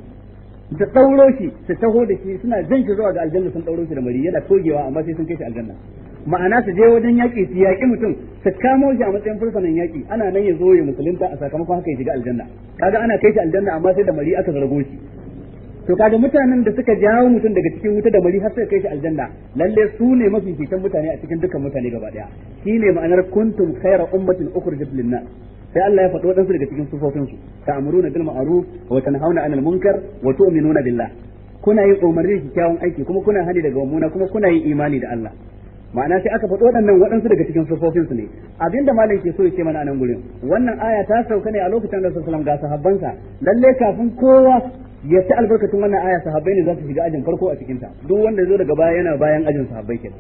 da ɗauro shi su taho da shi suna jan shi zuwa ga aljanna sun ɗauro shi da mari yana togewa amma sai sun kai shi aljanna ma'ana su je wajen yaƙi su yaƙi mutum su kamo shi a matsayin fursunan yaƙi ana nan ya zo ya musulunta a sakamakon haka ya shiga aljanna kaga ana kai shi aljanna amma sai da mari aka zargo shi to kaga mutanen da suka jawo mutum daga cikin wuta da mari har suka kai shi aljanna lalle su ne mafi fitan mutane a cikin dukkan mutane gaba daya shine ma'anar kuntum khayra ummatin ukhrijat lin-nas sai Allah ya faɗi waɗansu daga cikin sufofin su ta'muruna bil ma'ruf wa tanhauna 'anil munkar wa tu'minuna billah kuna yin umarni da aiki kuma kuna hani daga mummuna kuma kuna yin imani da Allah ma'ana sai aka faɗi waɗannan waɗansu daga cikin sufofin su ne abinda malam ke so ya ce mana anan gurin wannan aya ta sauka ne a lokacin da sallallahu ga sahabbansa lalle kafin kowa ya ta albarkatun wannan aya sahabbai ne za su shiga ajin farko a cikin ta duk wanda zo daga baya yana bayan ajin sahabbai kenan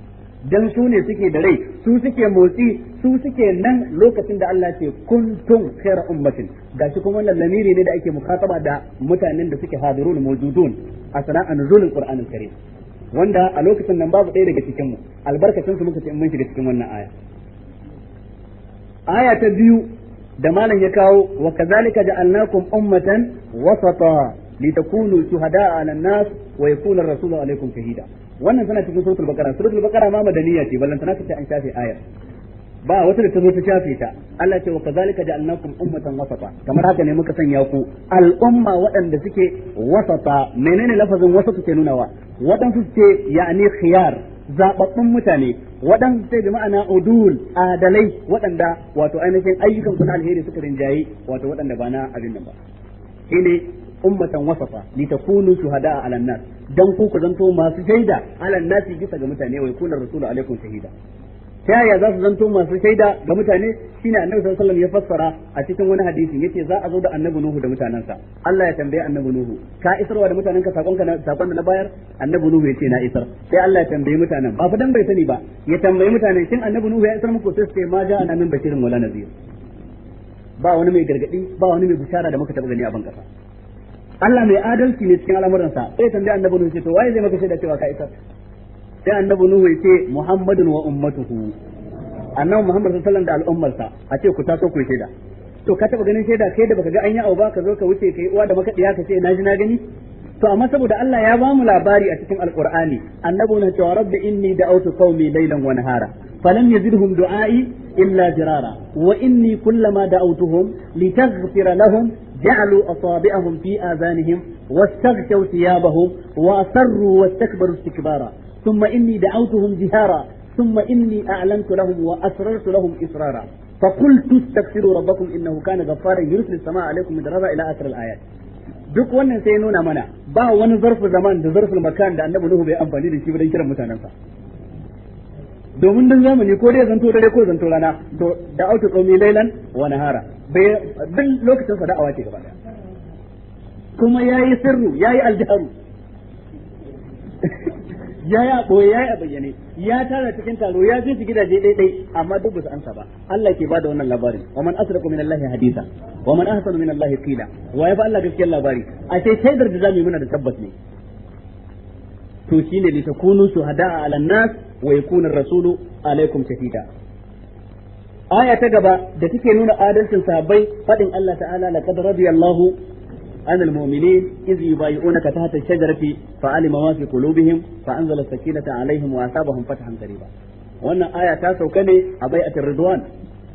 dan su ne suke da rai su suke motsi su suke nan lokacin da Allah ce kuntum khayra ummatin gashi kuma wannan lamiri ne da ake mukataba da mutanen da suke hadirun mawjudun a sana'an nuzulin qur'anul karim wanda a lokacin nan babu ɗaya daga cikin mu albarkacin su muka ce mun shiga cikin wannan aya aya ta biyu da malam ya kawo wa kazalika ja'alnakum ummatan wasata litakunu shuhada'a 'alan nas wa yakuna ar-rasulu 'alaykum shahida wannan tana cikin suratul bakara, suratul bakara ma madaniya ce ballan tana kace an shafe ayar ba wata da ta zo ta shafe ta Allah ce wa kazalika ja'alnakum ummatan wasata kamar haka ne muka sanya ku al'umma waɗanda suke wasata menene lafazin wasata ke nunawa waɗansu suke ya'ani khiyar zababbun mutane waɗansu sai da ma'ana udul adalai waɗanda wato ainihin ayyukan kuna alheri suka rinjayi wato waɗanda ba na abin nan ba shine ummatan wasafa takunu shuhada ala nas dan ku ku zanto masu shaida ala nas bisa ga mutane wai kuna rasulu alaikum shahida ta yaya za su zanto masu shaida ga mutane shine annabi sallallahu alaihi ya fassara a cikin wani hadisi yace za a zo da annabi nuhu da mutanansa Allah ya tambaye annabi nuhu ka isarwa da mutanenka sakon ka sakon da na bayar annabi nuhu yace na isar sai Allah ya tambaye mutanen ba fa dan bai sani ba ya tambaye mutanen shin annabi nuhu ya isar muku sai su ce ma ja'ana min bashirin wala nazir ba wani mai gargadi ba wani mai bishara da muka taba gani a ban kasa Allah mai adalci ne cikin al'amuransa sai tambaya annabi Nuhu ce to waye zai maka shaida cewa ka isar sai annabi Nuhu ya ce Muhammadun wa ummatuhu annabi Muhammad sallallahu alaihi wasallam da al'ummarsa a ce ku taso ku shaida to ka taba ganin shaida kai da baka ga an yi auba ka zo ka wuce kai uwa da maka diya ka ce na ji na gani to amma saboda Allah ya bamu labari a cikin alqur'ani annabi Nuhu ce rabbi inni da'awtu qaumi laylan wa nahara falam yazidhum du'ai illa jirara wa inni kullama da'awtuhum litaghfira lahum جعلوا أصابعهم في آذانهم واستغشوا ثيابهم وأصروا واستكبروا استكبارا ثم إني دعوتهم جهارا ثم إني أعلنت لهم وأسررت لهم إسرارا فقلت استغفروا ربكم إنه كان غفارا يرسل السماء عليكم مدرارا إلى آخر الآيات duk wannan sai nuna mana ba wani zarfu zaman da zarfin makan da annabi Nuhu bai amfani da shi ba kiran mutanensa domin dan zamani ko dai zanto dare ko zanto rana to da auto qaumi lailan wa nahara bai duk lokacin sa da'awa ke gaba kuma yayi sirru yayi aljaharu *laughs* ya yi a ɓoye ya yi a bayyane ya tara cikin taro ya je su gidaje dai amma duk ba su ansa ba Allah ke bada wannan labarin wa man asraku min Allah hadisa wa man ahsanu min Allah qila wa ya fa Allah gaskiyar labari a sai shaidar da zamu yi muna da tabbas ne to ne li takunu hada a an-nas wa yakuna rasulu 'alaykum shahida aya ta gaba da take nuna adalcin sahabbai fadin Allah ta'ala laqad radiyallahu 'an al-mu'minin iz yubayyi'unaka tahta ash-shajarati fa'alima ma fi qulubihim fa'anzala as-sakinata 'alayhim wa asabahum hankali ba. wannan aya ta sauka ne a bai bai'atir ridwan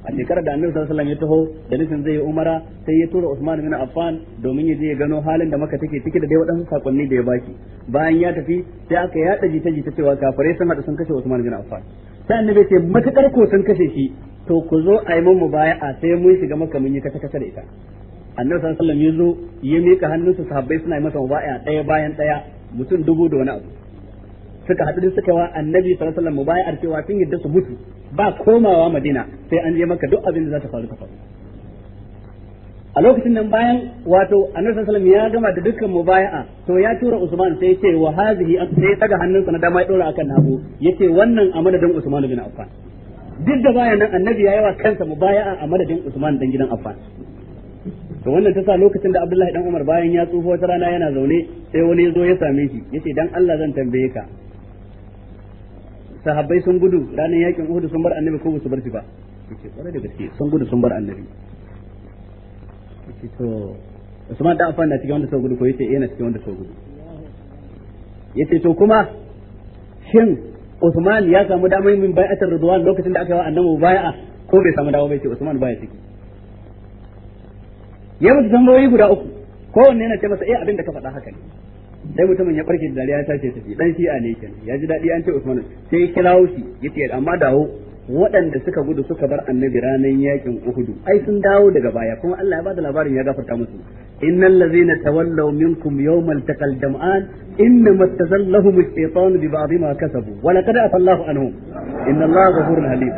a shekarar da annabi sallallahu alaihi wasallam ya taho da nufin zai yi umara sai ya tura Usman bin Affan domin ya je ya gano halin da maka take ciki da dai waɗansu sakonni da ya baki bayan ya tafi sai aka yada jita jita cewa kafirai sun hada sun kashe Usman bin Affan sai annabi ce matakar ko sun kashe shi to ku zo a yi mun a sai mun shiga maka mun yi kasa kasa da ita annabi sallallahu alaihi wasallam ya zo ya mika hannunsa sahabbai suna yi masa mubaya'a ɗaya bayan ɗaya mutum dubu da wani abu suka haɗu suka wa annabi sallallahu alaihi wasallam mubayar cewa sun yadda su mutu ba komawa madina sai an je maka duk abin da za ta faru ta faru a lokacin nan bayan wato annabi sallallahu alaihi wasallam ya gama da dukkan mubaya'a to ya tura Usman sai ya ce wa hazihi sai ya daga hannunsa na dama ya dora akan nagu yace wannan a madadin Usman bin Affan duk da bayan nan annabi ya yi wa kansa mubaya'a a madadin Usman dan gidan Affan to wannan ta sa lokacin da Abdullahi dan Umar bayan ya tsufa wata rana yana zaune sai wani ya zo ya same shi yace dan Allah zan tambaye ka sahabbai sun gudu ranar yakin uhudu sun bar annabi ko su bar shi ba yace kware da gaske sun gudu sun bar annabi yace to Usman da Affan na cikin wanda suka gudu ko yace eh na cikin wanda suka gudu yace to kuma shin Usman ya samu damar min bai'atar Ridwan lokacin da aka yi wa annabi bai'a ko bai samu dawo bai ce Usman baya ciki ya mutu tambayoyi guda uku kowanne yana ce masa eh abin da ka faɗa haka ne sai mutumin ya barke da dariya ya tashi tafi dan shi'a ne kenan ya ji dadi an ce Usman sai ya kirawo shi yace amma dawo waɗanda suka gudu suka bar annabi ranar yakin Uhud ai sun dawo daga baya kuma Allah ya bada labarin ya gafarta musu innal ladzina tawallaw minkum yawmal taqal jam'an inna tazallahum ash-shaytanu bi ba'd ma kasabu wa laqad afallahu anhum inna Allah ghafurun halim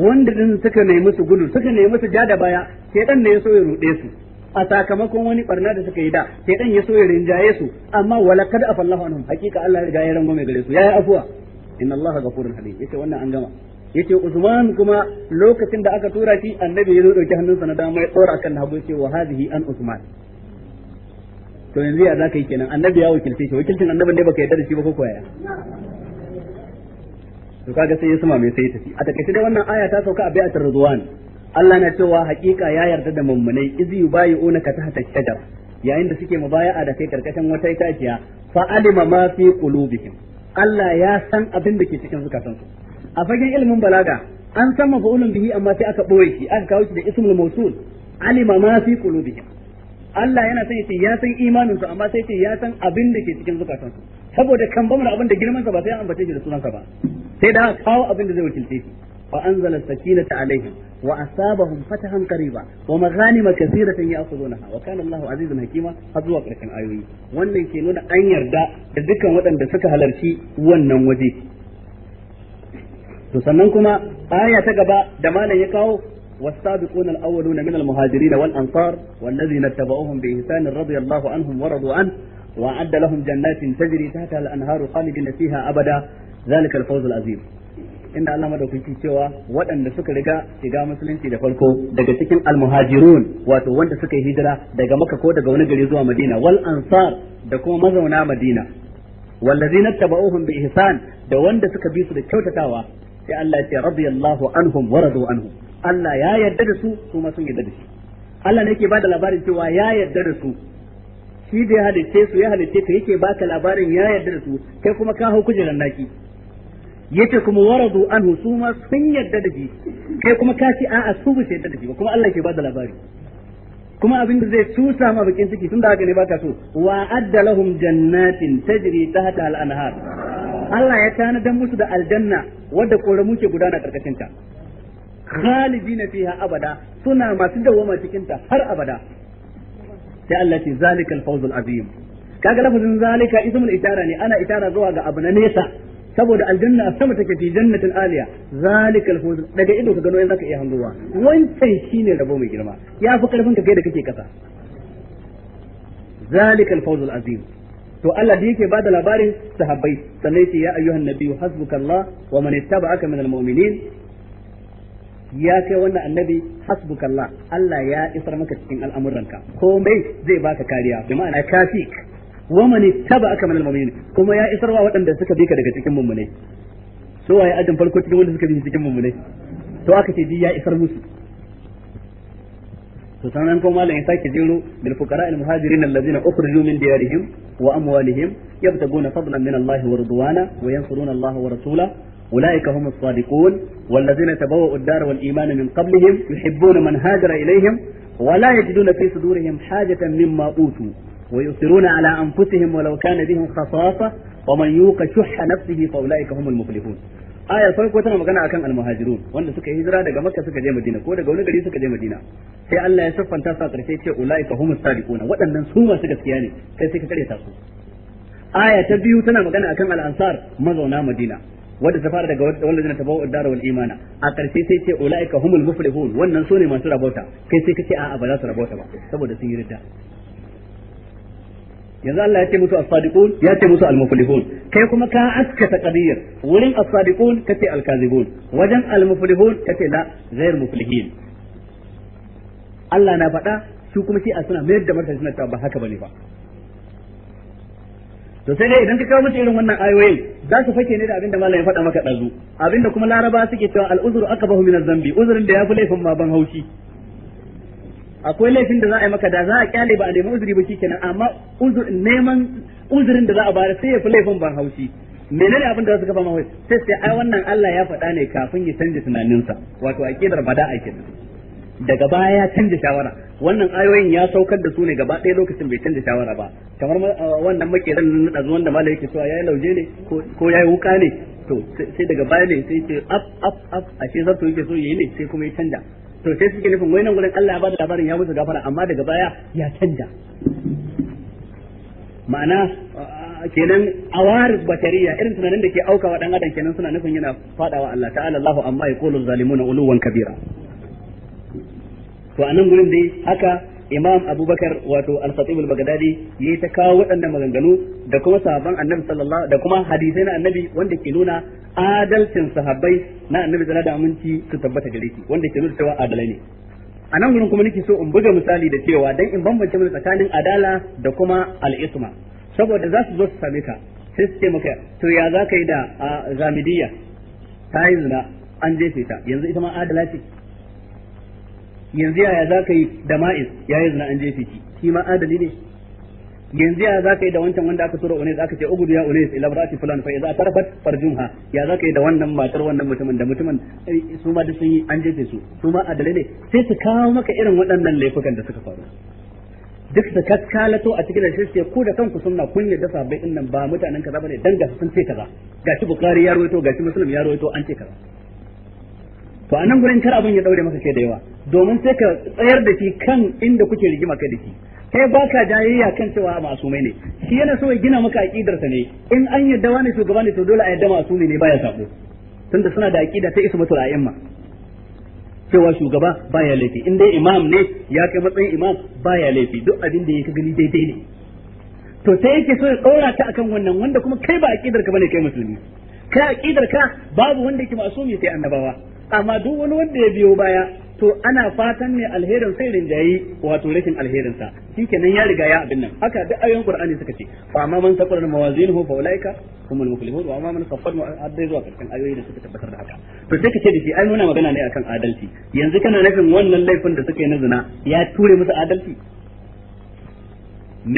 wanda din suka nemi su gudu suka nemi su ja da baya sai dan ne ya so ya rude su a sakamakon wani barna da suka yi da sai dan ya so ya rinjaye su amma wala kad afallahu anhum hakika Allah ya riga ya mai gare su yayi afuwa inna Allah ghafurun halim yace wannan an gama yace Usman kuma lokacin da aka tura shi annabi ya zo dauki hannunsa na dama ya tsora akan hagu yace wa hadhihi an Usman to yanzu ya zaka yi kenan annabi ya wakilce shi wakilcin annabin ne baka yarda da shi ba ko koya to kaga sai ya sama mai sai tafi a takaice dai wannan aya ta sauka a bai'atul ridwan Allah na cewa hakika ya yarda da mummunai izi yubayi'una ka tahta shajar yayin da suke mubaya'a da kai karkashin wata itaciya fa alima ma fi qulubihim Allah ya san abin da ke cikin zukatansu a fagen ilimin balaga an san mafa'ulun bihi amma sai aka boye shi aka kawo shi da ismul mawsul alima ma fi qulubihim Allah yana san ya san imanin su amma sai yace ya san abin da ke cikin zukatansu saboda kan bamu abin da girman sa ba sai an ambace shi da sunansa ba sai da kawo abin da zai wakilce shi وأنزل السكينة عليهم وأصابهم فتحا قريبا ومغانم كثيرة يأخذونها وكان الله عزيزا حكيما هذو أقرأ آيوي wannan ke nuna an yarda da dukkan waɗanda suka halarci wannan waje to sannan kuma aya ta gaba da malam ya kawo والسابقون الأولون من المهاجرين والأنصار والذين اتبعوهم بإحسان رضي الله عنهم ورضوا عنه وأعد لهم جنات تجري تحتها الأنهار خالدين فيها أبدا ذلك الفوز العظيم inda Allah madaukaki cewa waɗanda suka riga shiga musulunci da farko daga cikin almuhajirun wato wanda suka yi hijira daga Makka ko daga wani gari zuwa Madina wal ansar da kuma mazauna Madina wallazina tabauhum bi ihsan da wanda suka bi su da kyautatawa sai Allah ya ce radiyallahu anhum wa radu anhum Allah ya yarda da su kuma sun yarda da shi Allah ne yake bada labarin cewa ya yarda da su shi da ya halitte su ya halitte ka yake baka labarin ya yarda da su kai kuma ka hau kujeran naki yace kuma waradu anhu su ma sun yarda da shi kai kuma ka ce a'a su ba su yadda da shi ba kuma Allah ke ba da labari kuma abin da zai tusa ma bakin ciki tunda haka ne baka so wa adda lahum jannatin tajri tahta al-anhar Allah ya tanadan musu da aljanna wadda koramu ke gudana karkashin ta khalidina fiha abada suna masu wama cikin ta har abada sai Allah ce zalikal fawzul azim kaga lafazin zalika ismul itara ne ana itara zuwa ga abu na nesa saboda aljanna a sama take fi jannatin aliya zalikal fawz daga ido ka gano in zaka iya hangowa wancan shine rabo mai girma ya fi karfin ka kai da kake kasa zalikal fawz azim to Allah da yake bada labarin sahabbai sannan sai ya ayyuhan nabiyyu hasbukallah wa man ittaba'aka min mu'minin ya kai wannan annabi hasbukallah Allah ya isar maka cikin al'amuranka komai zai baka kariya bi ma'ana kafik wa mani man ittaba'aka minal mu'minin kuma ya isarwa waɗanda suka bi ka daga cikin mummunai so waye ajin farko cikin wanda suka bi cikin mummunai to aka ce ji ya isar musu to sanan ko malam ya sake jiro bil fuqara al muhajirin allazina ukhriju min diyarihim wa amwalihim yabtaguna fadlan min Allah wa ridwana wa yansuruna Allah wa rasulahu أولئك هم الصادقون والذين تبوأوا الدار والإيمان من قبلهم يحبون من هاجر إليهم ولا يجدون في صدورهم حاجة مما أوتوا ويؤثرون على أنفسهم ولو كان بهم خصاصة ومن يوق شح نفسه فأولئك هم المفلحون aya farko tana magana akan almuhajirun wanda suka hijira daga makka suka je madina ko daga wani gari suka je madina sai Allah ya siffanta su a karshe ce ulaika humus sadiquna waɗannan su masu gaskiya ne kai sai ka kare ta su aya ta biyu tana magana akan al-ansar mazauna madina wanda ta fara daga wanda zina ta bawa imana a ƙarshe sai ce ulaika humul muflihun wannan su ne masu rabauta kai sai kace a'a ba za su rabauta ba saboda sun yi ridda yanzu Allah ya ce musu as-sadiqun ya ce musu al-muflihun kai kuma ka askata qadiyar wurin as-sadiqun kace al-kazibun wajen al-muflihun kace la ghayr muflihin Allah na faɗa su kuma shi a suna mayar da martani suna cewa ba haka bane ba to sai dai idan ka kawo musu irin wannan ayoyin za su fake ne da abinda malam ya faɗa maka ɗazu abinda kuma laraba suke cewa al-uzru aka min az-zambi uzurin da ya fi laifin ma ban haushi akwai laifin da za a yi maka da za a kyale ba a nemi uzuri ba kenan amma neman uzurin da za a bayar sai ya fi laifin ban haushi menene abin da za su gaba mawai sai sai ai wannan Allah ya faɗa ne kafin ya canja tunaninsa wato a bada a kenan daga baya ya canja shawara wannan ayoyin ya saukar da su ne gaba ɗaya lokacin bai canja shawara ba kamar wannan makeran na ɗazu wanda mala yake so yi lauje ne ko ya yi wuka ne to sai daga baya ne sai ce af af af ce zato yake so yayi ne sai kuma ya canja to sai suke nufin wai nan gurin Allah ya bada labarin ya musu gafara amma daga baya ya canja ma'ana kenan awaris batariya irin tunanin da ke aukawa dan adam kenan suna nufin yana fadawa Allah ta'ala Allahu amma yaqulu zalimuna uluwan kabira to anan gurin dai haka imam abubakar wato al-khatib al-baghdadi yayi ta kawo waɗannan maganganu da kuma sahabban annabi sallallahu da kuma hadisai na annabi wanda ke nuna adalcin sahabbai na annabi da aminci su tabbata gare shi wanda ke nuna cewa adalai ne a nan gurin kuma nake so in buga misali da cewa dan in bambance mana tsakanin adala da kuma al-isma saboda za su zo su same ka sai su ce maka to ya za ka yi da zamidiyya ta yi zina an jefe ta yanzu ita ma adala ce yanzu yaya za ka yi da ma'iz ya yi zina an jefe ki shi ma adali ne yanzu yaya za ka yi da wancan wanda aka tura unais aka ce ugudu ya unais ila barati fulan fa idza tarafat farjumha ya za ka yi da wannan matar wannan mutumin da mutumin eh, su ma duk sun yi an jefe su su ma adali ne sai su kawo maka irin waɗannan laifukan da suka faru duk su kakkalato a cikin shirke ku da kanku sunna kun yadda sabai din nan ba mutanen kaza bane dan ga sun ce kaza gashi bukari ya ruwaito gashi muslim ya ruwaito an ce kaza to anan gurin kar abin ya daure maka ke da yawa domin sai ka tsayar da shi kan inda kuke rigima kai da shi kai ba ka jayayya kan cewa masumai ne shi yana so ya gina maka aqidarsa ne in an yadda wani shugaba ne to dole a yadda masumi ne baya sabo tunda suna da aqida ta ismatul a'imma cewa shugaba baya laifi in dai imam ne ya kai matsayin imam baya laifi duk abin da yake gani daidai ne to sai yake so ya tsora ta akan wannan wanda kuma kai ba aqidar ka bane kai musulmi kai aqidar ka babu wanda yake masumi sai annabawa amma duk wani wanda ya biyo baya to ana fatan ne alherin sai rinjayi wato rashin alherin sa shikenan ya riga ya abin nan haka duk ayoyin qur'ani suka ce fa amma man saqara mawazinuhu fa ulaika humul muflihun wa amma man saqara adai zuwa kan ayoyi da suka tabbatar da haka to sai kace da shi ai muna magana ne akan adalci yanzu kana nufin wannan laifin da suka yi na zina ya ture musu adalci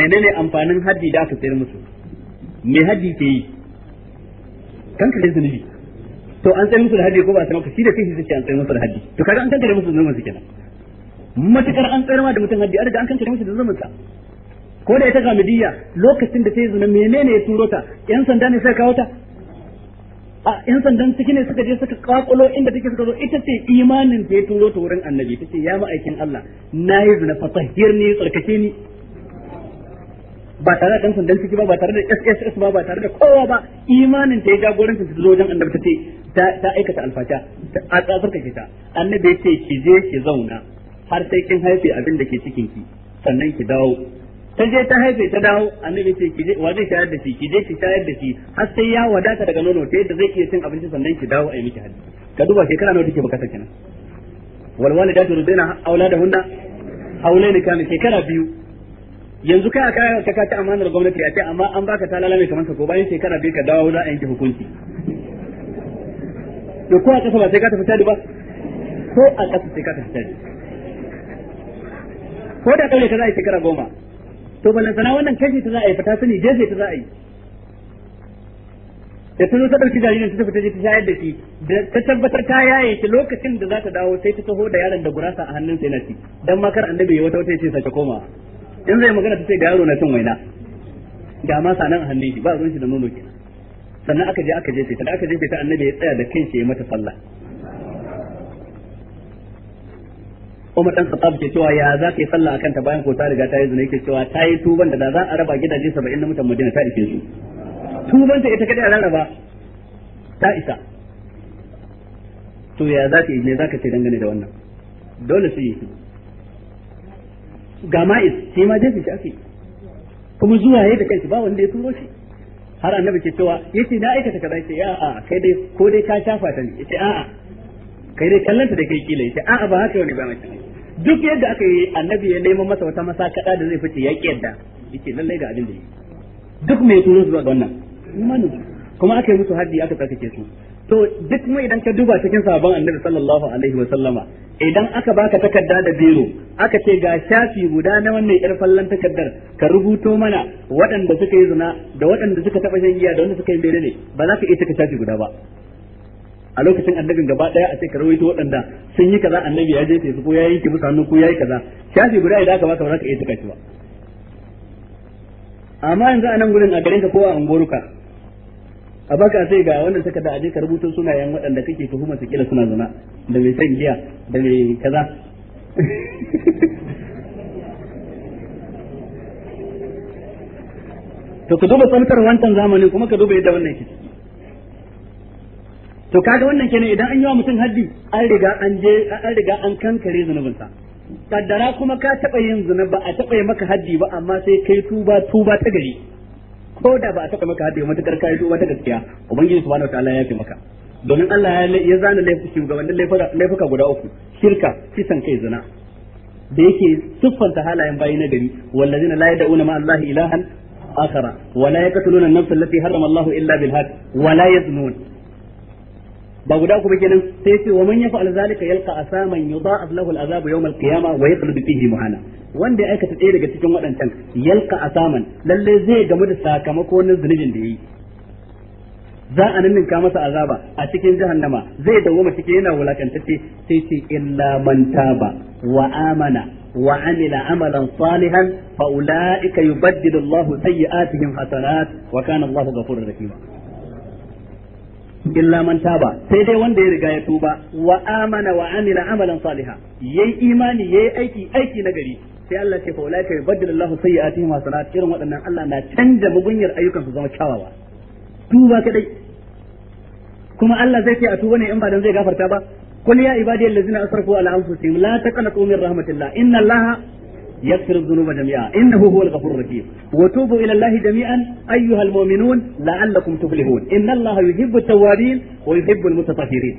menene amfanin haddi da aka sayar musu me haddi ke yi kanka da zunubi to an tsaye musu da haddi ko ba a sanar maka shi da kai shi an tsaye musu da haddi to kaga an kankare musu zulmin su kenan matukar an tsayar ma da mutum hadi an an kankare musu da zulmin ko da ita gamidiyya lokacin da ta yi zina menene ya turo ta yan sanda ne sai kawo ta a yan sandan ciki ne suka je suka kwakulo inda take suka zo ita ce imanin ta ya turo ta wurin annabi ta ce ya ma'aikin Allah na yi zina fasahiyar ne tsarkake ni ba tare da dan sandan ciki ba ba tare da SSS ba ba tare da kowa ba imanin ta ya jagorancin ta zo wajen annabi ta ce ta aikata alfasha a ka ta annabi ya ce ki je ki zauna har sai kin haife abin da ke cikin ki sannan ki dawo ta je ta haife ta dawo annabi ce ki je wa zai shayar da shi ki je ki shayar da shi har sai ya wadata daga nono ta yadda zai iya cin abinci sannan ki dawo a yi miki hadisi ka duba shekara nawa take bukata kenan wal walidatu rubaina auladahunna haulaini kana shekara biyu yanzu kai aka ka ta amanar gwamnati a ce amma an baka talala mai kamar ka ko bayan shekara biyu ka dawo za a yanke hukunci to ko a ƙasa ba sai ka tafi tali ba ko a ƙasa sai ka tafi tali ko da ɗaure ta za a yi shekara goma to balantana wannan kashi ta za a yi fita sani jeje ta za a yi da ta zo ta ɗauki jaririn ta tafi ta je ta shayar da shi da ta tabbatar ta yaye ta lokacin da za ta dawo sai ta taho da yaron da gurasa a hannun sai na ci dan makar annabi ya wata wata ya ce sake koma in zai magana ta ce da yaro na cin waina da ma sanan a hannun shi ba ruwan shi da nono kenan sannan aka je aka jefe ta da aka jefe ta annabi ya tsaya da kanshi ya mata sallah Umar dan Khattab ke cewa ya za ka yi sallah akan ta bayan ko ta riga ta yi zina yake cewa ta yi tuban da za a raba gidaje 70 na mutan Madina ta ike su tuban ta ita kadai a rarraba ta isa to ya za ka yi me za ka ce dangane da wannan dole su yi ga ma'is sai ma je shi ake kuma zuwa yayi da kanshi ba wanda ya turo shi har annabi ke cewa yace na aikata kaza yace a a kai dai ko dai ka shafa ta ne yace a a kai dai kallanta da kai kila yace a a ba haka wani ba mace duk yadda aka yi annabi ya neman masa wata masakada da zai fice ya kiyarda yace lallai ga abin da yake duk mai turo zuwa ga wannan kuma aka yi musu haddi aka tsarkake su to duk mu idan ka duba cikin sabon annabi sallallahu alaihi wa sallama idan aka baka takarda da biro aka ce ga shafi guda na wannan yar fallan takardar ka rubuto mana waɗanda suka yi zina da waɗanda suka taɓa shan giya da waɗanda suka yi menene ba za ka iya cika shafi guda ba a lokacin annabin gaba daya a ce ka rawaito waɗanda sun yi kaza annabi ya je su ko ya yanke musu hannu ko ya yi kaza shafi guda idan aka baka ba za ka iya cika shi ba amma yanzu a nan gurin a garin ka ko a unguwarka a baka sai ga wannan da aje ka rubuta sunayen waɗanda kake tuhuma su kila suna zina da mai san giya da mai kaza to ka duba tsaftar wancan zamanin kuma ka duba yadda wannan ke to kaga wannan kenan idan an yi wa mutum haddi an riga an je an riga an kankare zunubinsa kaddara kuma ka taɓa yin zina ba a taɓa yi maka haddi ba amma sai kai tuba tuba ta gari ko da ba a saka maka hadi matakar kai tuba ta gaskiya ubangiji subhanahu wataala ya yafe maka domin Allah ya zana shugabannin laifuka guda uku shirka kisan kai zina da yake siffanta halayen bayi na gari wallazina la yad'una ma Allah ilahan akhara wala la yaqtuluna an-nafs allati harrama Allah illa bil haqq wala la yaznun ba guda ku ba kenan sai ce wa man yafa'al zalika yalqa asaman yudha'af lahu al'azab yawm al-qiyamah wa yakhlud fihi muhana wanda ya aikata ɗaya daga cikin waɗancan yalqa asaman lalle zai gamu da sakamako na zunubin da yayi za a ninninka masa azaba a cikin jahannama zai dawoma cikin yana wulakantacce sai ce illa man taba wa amana wa amila amalan salihan fa ulaika yubaddilu Allahu sayyi'atihim hasanat wa kana Allahu ghafurur rahim illa man taba sai dai wanda ya riga ya tuba wa amana wa amila amalan saliha yayi imani yayi aiki aiki na gari sai Allah ce fa ulaika yubaddilu Allahu sayyi'atihim hasanat irin waɗannan Allah na canja mugunyar ayyukan su zama kyawawa tuba kadai kuma Allah zai ce a tuba ne in ba dan zai gafarta ba qul ya ibadiyallazina asrafu ala anfusihim la taqnatu min rahmatillah inna Allaha يغفر الذنوب جميعا إنه هو الغفور الرحيم وتوبوا إلى الله جميعا أيها المؤمنون لعلكم تفلحون إن الله يحب التوابين ويحب المتطهرين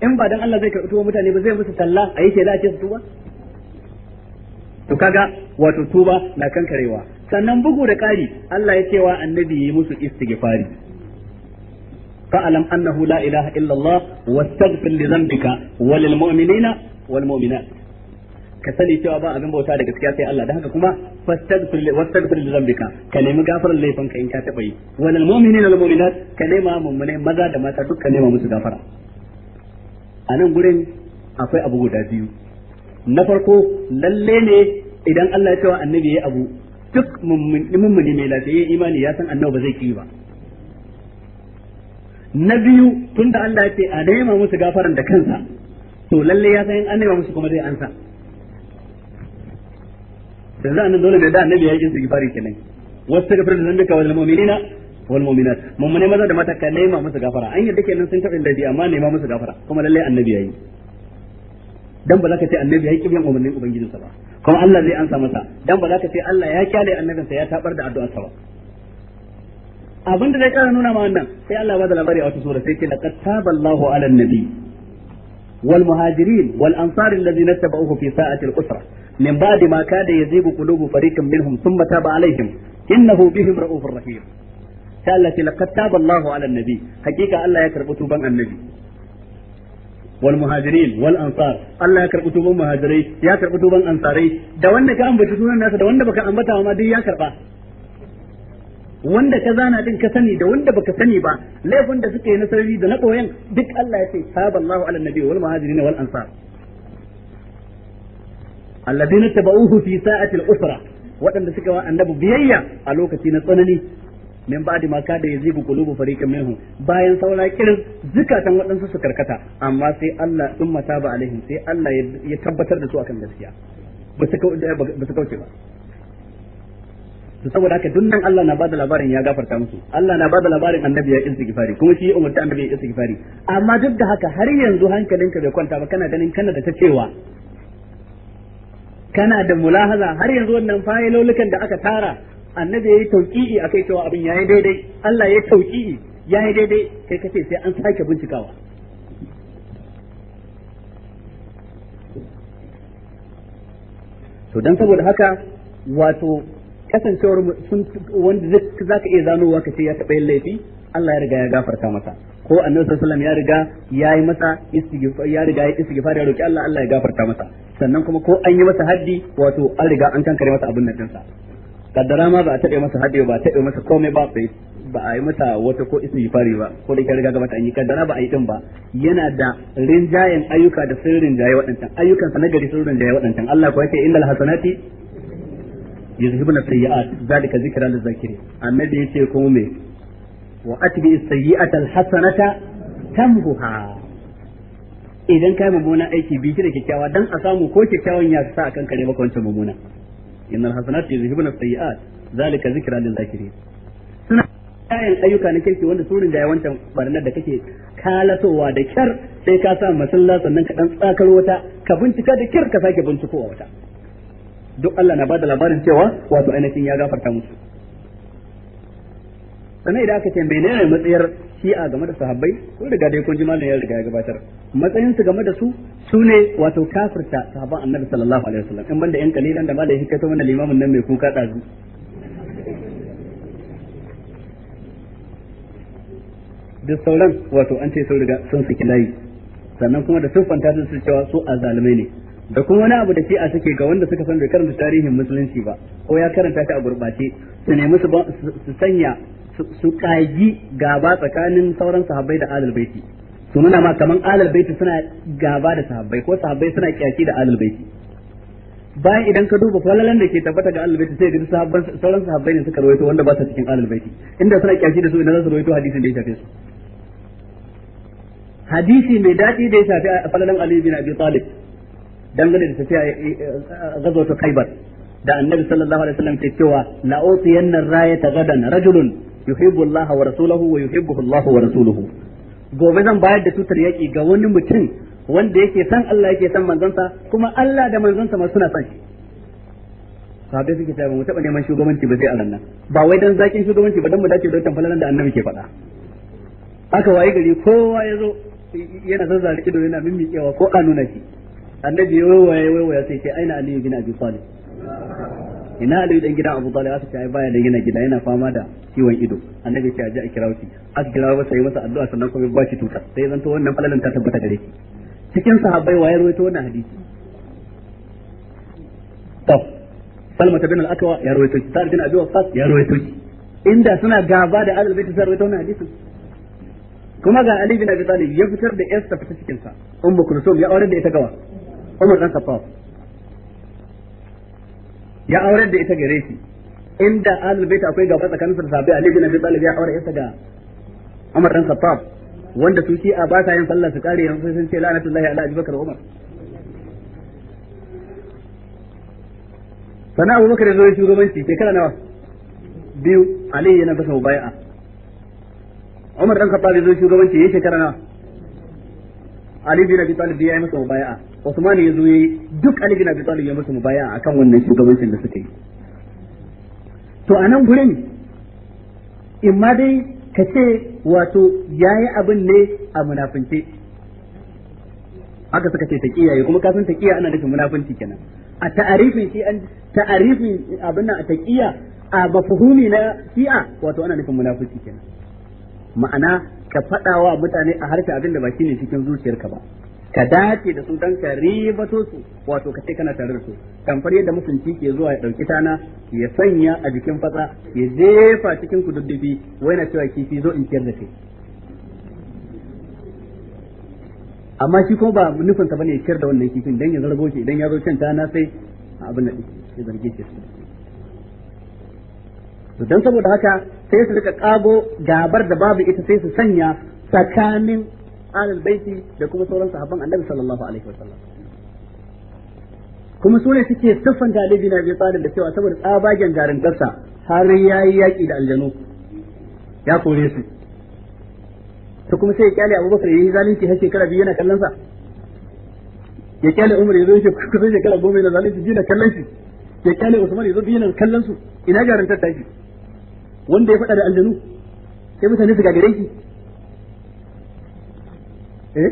in ba dan Allah zai karɓi mutane ba zai musu talla a yi shaida ce tuba to kaga wato tuba na kankarewa sannan bugu da ƙari Allah ya cewa annabi yi musu istighfari fa'alam annahu la ilaha illallah wastaghfir li dhanbika walil mu'minina wal mu'minat ka sani cewa ba abin bauta da gaskiya sai Allah da haka kuma fastaghfir wastaghfir li zambika, ka nemi gafaran laifinka in ka taba yi walal mu'minin wal mu'minat ka nema mummune maza da mata duk ka nema musu gafara a nan gurin akwai abu guda biyu na farko lalle ne idan Allah ya cewa annabi yayi abu duk mummuni mai lafiya imani ya san annabi ba zai kiyi ba na biyu tunda Allah ya ce a nema musu gafaran da kansa to lalle ya san an nema musu kuma zai ansa da za dole da da annabi ya yi istighfari kenan wasu gafar da zambika wal mu'minina wal mu'minat mummune maza da mata ka nema musu gafara an yadda kenan sun taɓa ladi amma nema musu gafara kuma lallai annabi ya yi dan ba za ka ce annabi ya yi kibiyan umarnin ubangijinsa ba kuma Allah zai ansa masa dan ba za ka ce Allah ya kyale annabinsa ya tabar da addu'arsa ba abin da zai kara nuna ma wannan sai Allah ba da labari a wata sura sai ce laqad taballahu ala nabi wal muhajirin wal ansar alladhina tabauhu fi sa'ati al-usra min ba'di ma kada yazibu qulubu fariqin minhum thumma taba alaihim innahu bihim ra'ufur rahim sai Allah ce laqad taba Allahu ala nabi hakika Allah ya karbi tuban annabi wal muhajirin wal ansar Allah ya karbi tuban muhajirai ya karbi tuban ansarai da wanda ka ambata sunan nasa da wanda baka ambata ma duk ya karba wanda ka zana din ka sani da wanda baka sani ba laifin da suka yi na sarari da na koyan duk Allah ya ce saballahu ala nabi wal muhajirin wal ansar alladina tabauhu fi sa'atil usra waɗanda suka wa annabi biyayya a lokaci na tsanani min ba'di bayan saura kirin zukatan waɗansu su karkata amma sai Allah ya tabbatar da su akan gaskiya ba su kauce ba to saboda haka dunnan Allah na bada labarin ya gafarta musu Allah na bada labarin annabi ya istighfari kuma shi ya umarta annabi ya istighfari amma duk da haka har yanzu hankalinka bai kwanta ba kana ganin kana da ta cewa kana da mulahaza har yanzu wannan fayilolukan da aka tara annabi yayi tauqi'i akai cewa abin yayi daidai Allah yayi tauqi'i yayi daidai kai kace sai an sake bincikawa to dan saboda haka wato kasancewar sun wanda zaka iya zanowa kace ya taba yin laifi Allah ya riga ya gafarta masa ko annabi sallallahu ya riga ya yi masa istighfar ya riga ya istighfar ya roki Allah Allah ya gafarta masa sannan kuma ko an yi masa haddi wato an riga an kankare masa abin nan sa. kaddara ma ba a taɓa masa haddi ba a taɓa masa komai ba sai ba a yi masa wata ko istighfari ba ko da riga gaba an yi kaddara ba a yi din ba yana da rinjayen ayyuka da sun rinjaye waɗancan ayyukan sa nagari sun rinjaye waɗancan Allah ko yake innal hasanati yuzhibuna sayyi'at zalika zikra lil zakirin annabi yace ko me wa atbi as-sayyi'ata al-hasanata tamhuha idan kai mummuna aiki bi shi da kyakkyawa dan a samu ko kyakkyawan ya sa akan kare maka wancan mummuna innal hasanatu yuzhibuna as-sayyi'at zalika zikra lil zakirin suna kayan ayyuka na kirki wanda surin da wancan barnar da kake kalatowa da kyar sai ka sa masalla sannan ka dan tsakar wata ka bincika da kyar ka sake bincikowa wata duk Allah na bada labarin cewa wato ainihin ya gafarta musu sannan idan aka ce menene matsayar shi'a game da sahabbai ko riga dai kun ji malamin ya riga ya gabatar matsayin su game da su sune wato kafirta sahabban annabi sallallahu alaihi wasallam in banda yan kalilan da malam hikka to mana limamin nan mai kuka dazu duk sauran wato an ce sun riga sun saki layi sannan kuma da siffanta su cewa su azalumai ne da kuma wani abu da ke a suke ga wanda suka san bai karanta tarihin musulunci ba ko ya karanta ta a gurbace su nemi su sanya su kagi gaba tsakanin sauran sahabbai da alal baiti su nuna ma kaman alal baiti suna gaba da sahabbai ko sahabbai suna kyaki da alal baiti bayan idan ka duba falalan da ke tabbata ga alal baiti sai ga sahabban sauran sahabbai ne suka rawaito wanda ba su cikin alal baiti inda suna kyaki da su idan za su rawaito hadisin da ya shafe su hadisi mai daɗi da ya shafi falalan Ali bin Abi Talib dangane da tafiya eh, eh, gazo ta Kaibar da annabi sallallahu alaihi wasallam ke cewa la'utiyanna utiyanna rayata gadan rajulun yuhibbu Allah wa rasuluhu wa yuhibbuhu Allah wa rasuluhu gobe zan bayar da tutar yaki ga wani mutum wanda yake san Allah yake san manzansa kuma Allah da manzansa ma suna san shi sabai suke cewa mu taba neman shugabanci ba sai a nan ba wai dan zakin shugabanci ba dan mu dace da tamfalan da annabi ke faɗa aka waye gari kowa ya zo yana zazzare ido yana mimmikewa ko a nuna shi annabi ya waye waye sai ce aina aliyu bin abi talib ina aliyu dan gidan abu talib aka ce ai baya da gina gida yana fama da ciwon ido annabi ce a ji a kirawo shi aka kirawo masa yi masa addu'a sannan kuma ba shi tuta sai zan to wannan falalan ta tabbata gare shi cikin sahabbai waye rawaito wannan hadisi to salma bin al-akwa ya rawaito shi sa'ad bin abi waqqas ya rawaito shi inda suna gaba da ahlul bait sai rawaito wannan hadisin kuma ga ali bin abi talib ya fitar da yarsa fita cikin sa ummu kulsum ya aure da ita gawa umar dan khattab ya aurar da ita gare shi inda ahlul bait akwai gaba tsakanin kan da Ali bin Abi Talib ya aure ita ga Umar dan Khattab wanda su shi a ba ta yin sallah su kare yanzu sun ce la'natullahi ala abubakar Bakar Umar sana Abu Bakar zai shugabanci shekara nawa biyu Ali yana basa bai'a Umar dan Khattab zai shugabanci yayin shekara nawa Ali bin Abi Talib ya yi masa bai'a Usman ya zo yayi duk Ali bin Abi Talib ya baya mubaya akan wannan shugabancin da suka yi to a nan gurin in ma dai ka ce wato yayi abin ne a munafince haka suka ce kiyaye kuma kasan ta kiyaye ana nufin munafinci kenan a ta'arifin shi an ta'arifin abin nan a taqiya a mafhumi na shi'a wato ana nufin munafiki kenan ma'ana ka faɗawa mutane a harshe abin da ba shine cikin zuciyarka ba ka dace da su dan ka ribato su wato ka ce kana tare da su kamfar yadda mutunci ke zuwa ya dauki tana ya sanya a jikin fatsa ya jefa cikin kududdufi wai na cewa kifi zo in ciyar da kai amma shi kuma ba nufin sa bane ya ciyar da wannan kifin dan ya zargo shi idan ya zo cin tana sai abin da ya zarge shi to dan saboda haka sai su rika kago gabar da babu ita sai su sanya tsakanin ahlul baiti da kuma sauran sahabban annabi sallallahu alaihi sallam kuma sune suke tafan dalibi na Abi Talib da cewa saboda tsabagen garin ƙasa har yayi yaki da aljanu ya kore su to kuma sai ya kyale Abubakar yayi zalunci har shekara biyu yana kallon sa ya kyale Umar yazo yake kusa shekara goma yana zalunci biyu na kallon shi ya kyale Usman yazo biyu yana kallon su ina garin tattaki wanda ya faɗa da aljanu sai mutane su gagare shi Eh?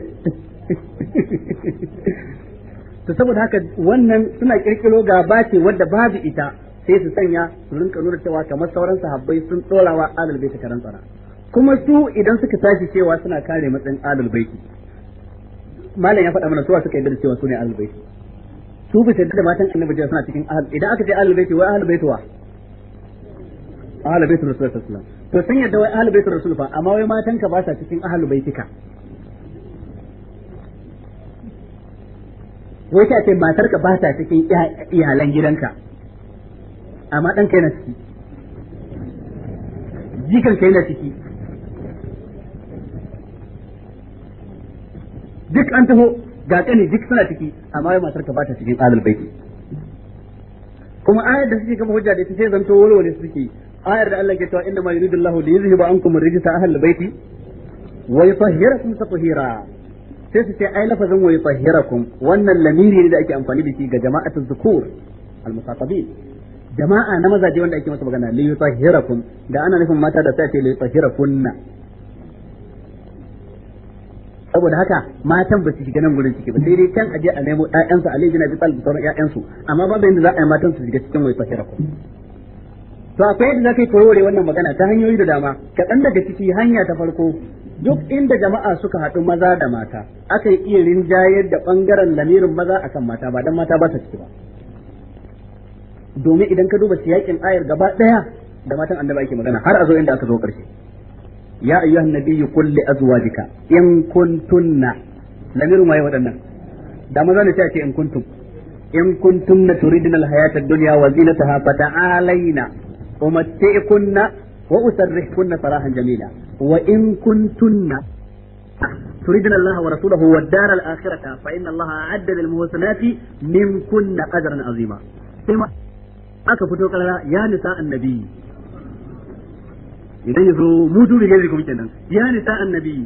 to saboda haka wannan suna kirkiro ga ce wadda babu ita sai su sanya su rinka nuna cewa kamar sauran sahabbai sun dorawa alal baiti karan tsara kuma su idan suka tashi cewa suna kare matsayin alal baiti malam ya faɗa mana suwa suka yarda cewa su ne alal baiti su bisa da matan annabi da suna cikin ahal idan aka ce alal baiti wai ahal baiti wa ahal baiti rasulullahi to sun yarda wai ahal baiti rasul fa amma wai matan ka ba sa cikin ahal ka. wai ta ce matar ka ba ta cikin iyalan gidanka amma ɗan kai na ciki jikan kai na ciki duk an taho ga kani duk suna ciki amma wai matar ka ba ta cikin alul baiti kuma ayar da suke gaba hujja da ita sai zanto walwale suke ayar da Allah ke cewa inna ma yuridullahu li yuzhiba ankum ar-rijsa ahlul baiti wa yutahhirakum tatheera sai su ce ai lafazin wa yutahhirakum wannan lamiri ne da ake amfani da shi ga jama'atul zukur al-musatabin jama'a na mazaje wanda ake masa magana li yutahhirakum da ana nufin mata da sai ce li yutahhirakunna saboda haka matan ba su shiga nan gurin ciki ba sai dai can aje a nemo ƴaƴansu Ali bin Abi Talib sauran ƴaƴansu amma babu yanda za a yi matan su shiga cikin wai yutahhirakum to akwai yadda zaka yi korore wannan magana ta hanyoyi da dama kaɗan daga ciki hanya ta farko duk inda jama'a suka haɗu maza da mata aka yi iya rinjayar da ɓangaren lamirin maza akan mata ba don mata ba su ciki ba domin idan ka duba siyakin ayar gaba ɗaya da matan annabi ake magana har a zo inda aka zo ƙarshe ya ayyuhan nabiyyu qul li azwajika in kuntunna lamirin waye waɗannan da maza ne sai a ce in kuntum in kuntunna turidna alhayata ad-dunya wa zinataha fata'alaina umatti'kunna wa usarrihkunna sarahan jamila وإن كنتن تريدن الله ورسوله والدار الآخرة فإن الله أعد للمحسنات منكن أجرا عظيما كما aka fito karara ya nisa annabi idan yazo mu duri gari kuma kenan ya nisa annabi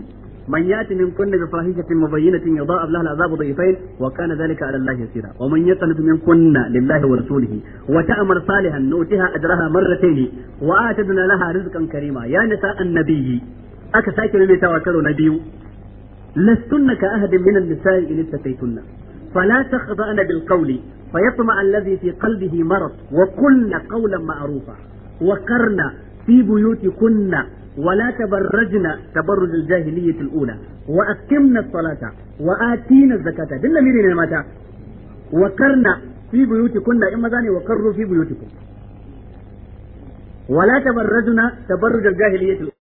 من ياتي من كن بفاحشه مبينه يضاعف لها العذاب ضيفين وكان ذلك على الله يسيرا ومن يقنت من كن لله ورسوله وتامر صالحا نؤتها اجرها مرتين واعتدنا لها رزقا كريما يا نساء النبي اكثاك من يتوكل نبي لستن كاهد من النساء ان اتيتن فلا تخضعن بالقول فيطمع الذي في قلبه مرض وقلن قولا معروفا وقرن في بيوتكن ولا تبرجنا تبرج الجاهلية الأولى وأقمنا الصلاة وآتينا الزكاة دل ميرين الماتا وكرنا في بيوتكن إما ذاني وكروا في بيوتكم ولا تبرجنا تبرج الجاهلية الأولى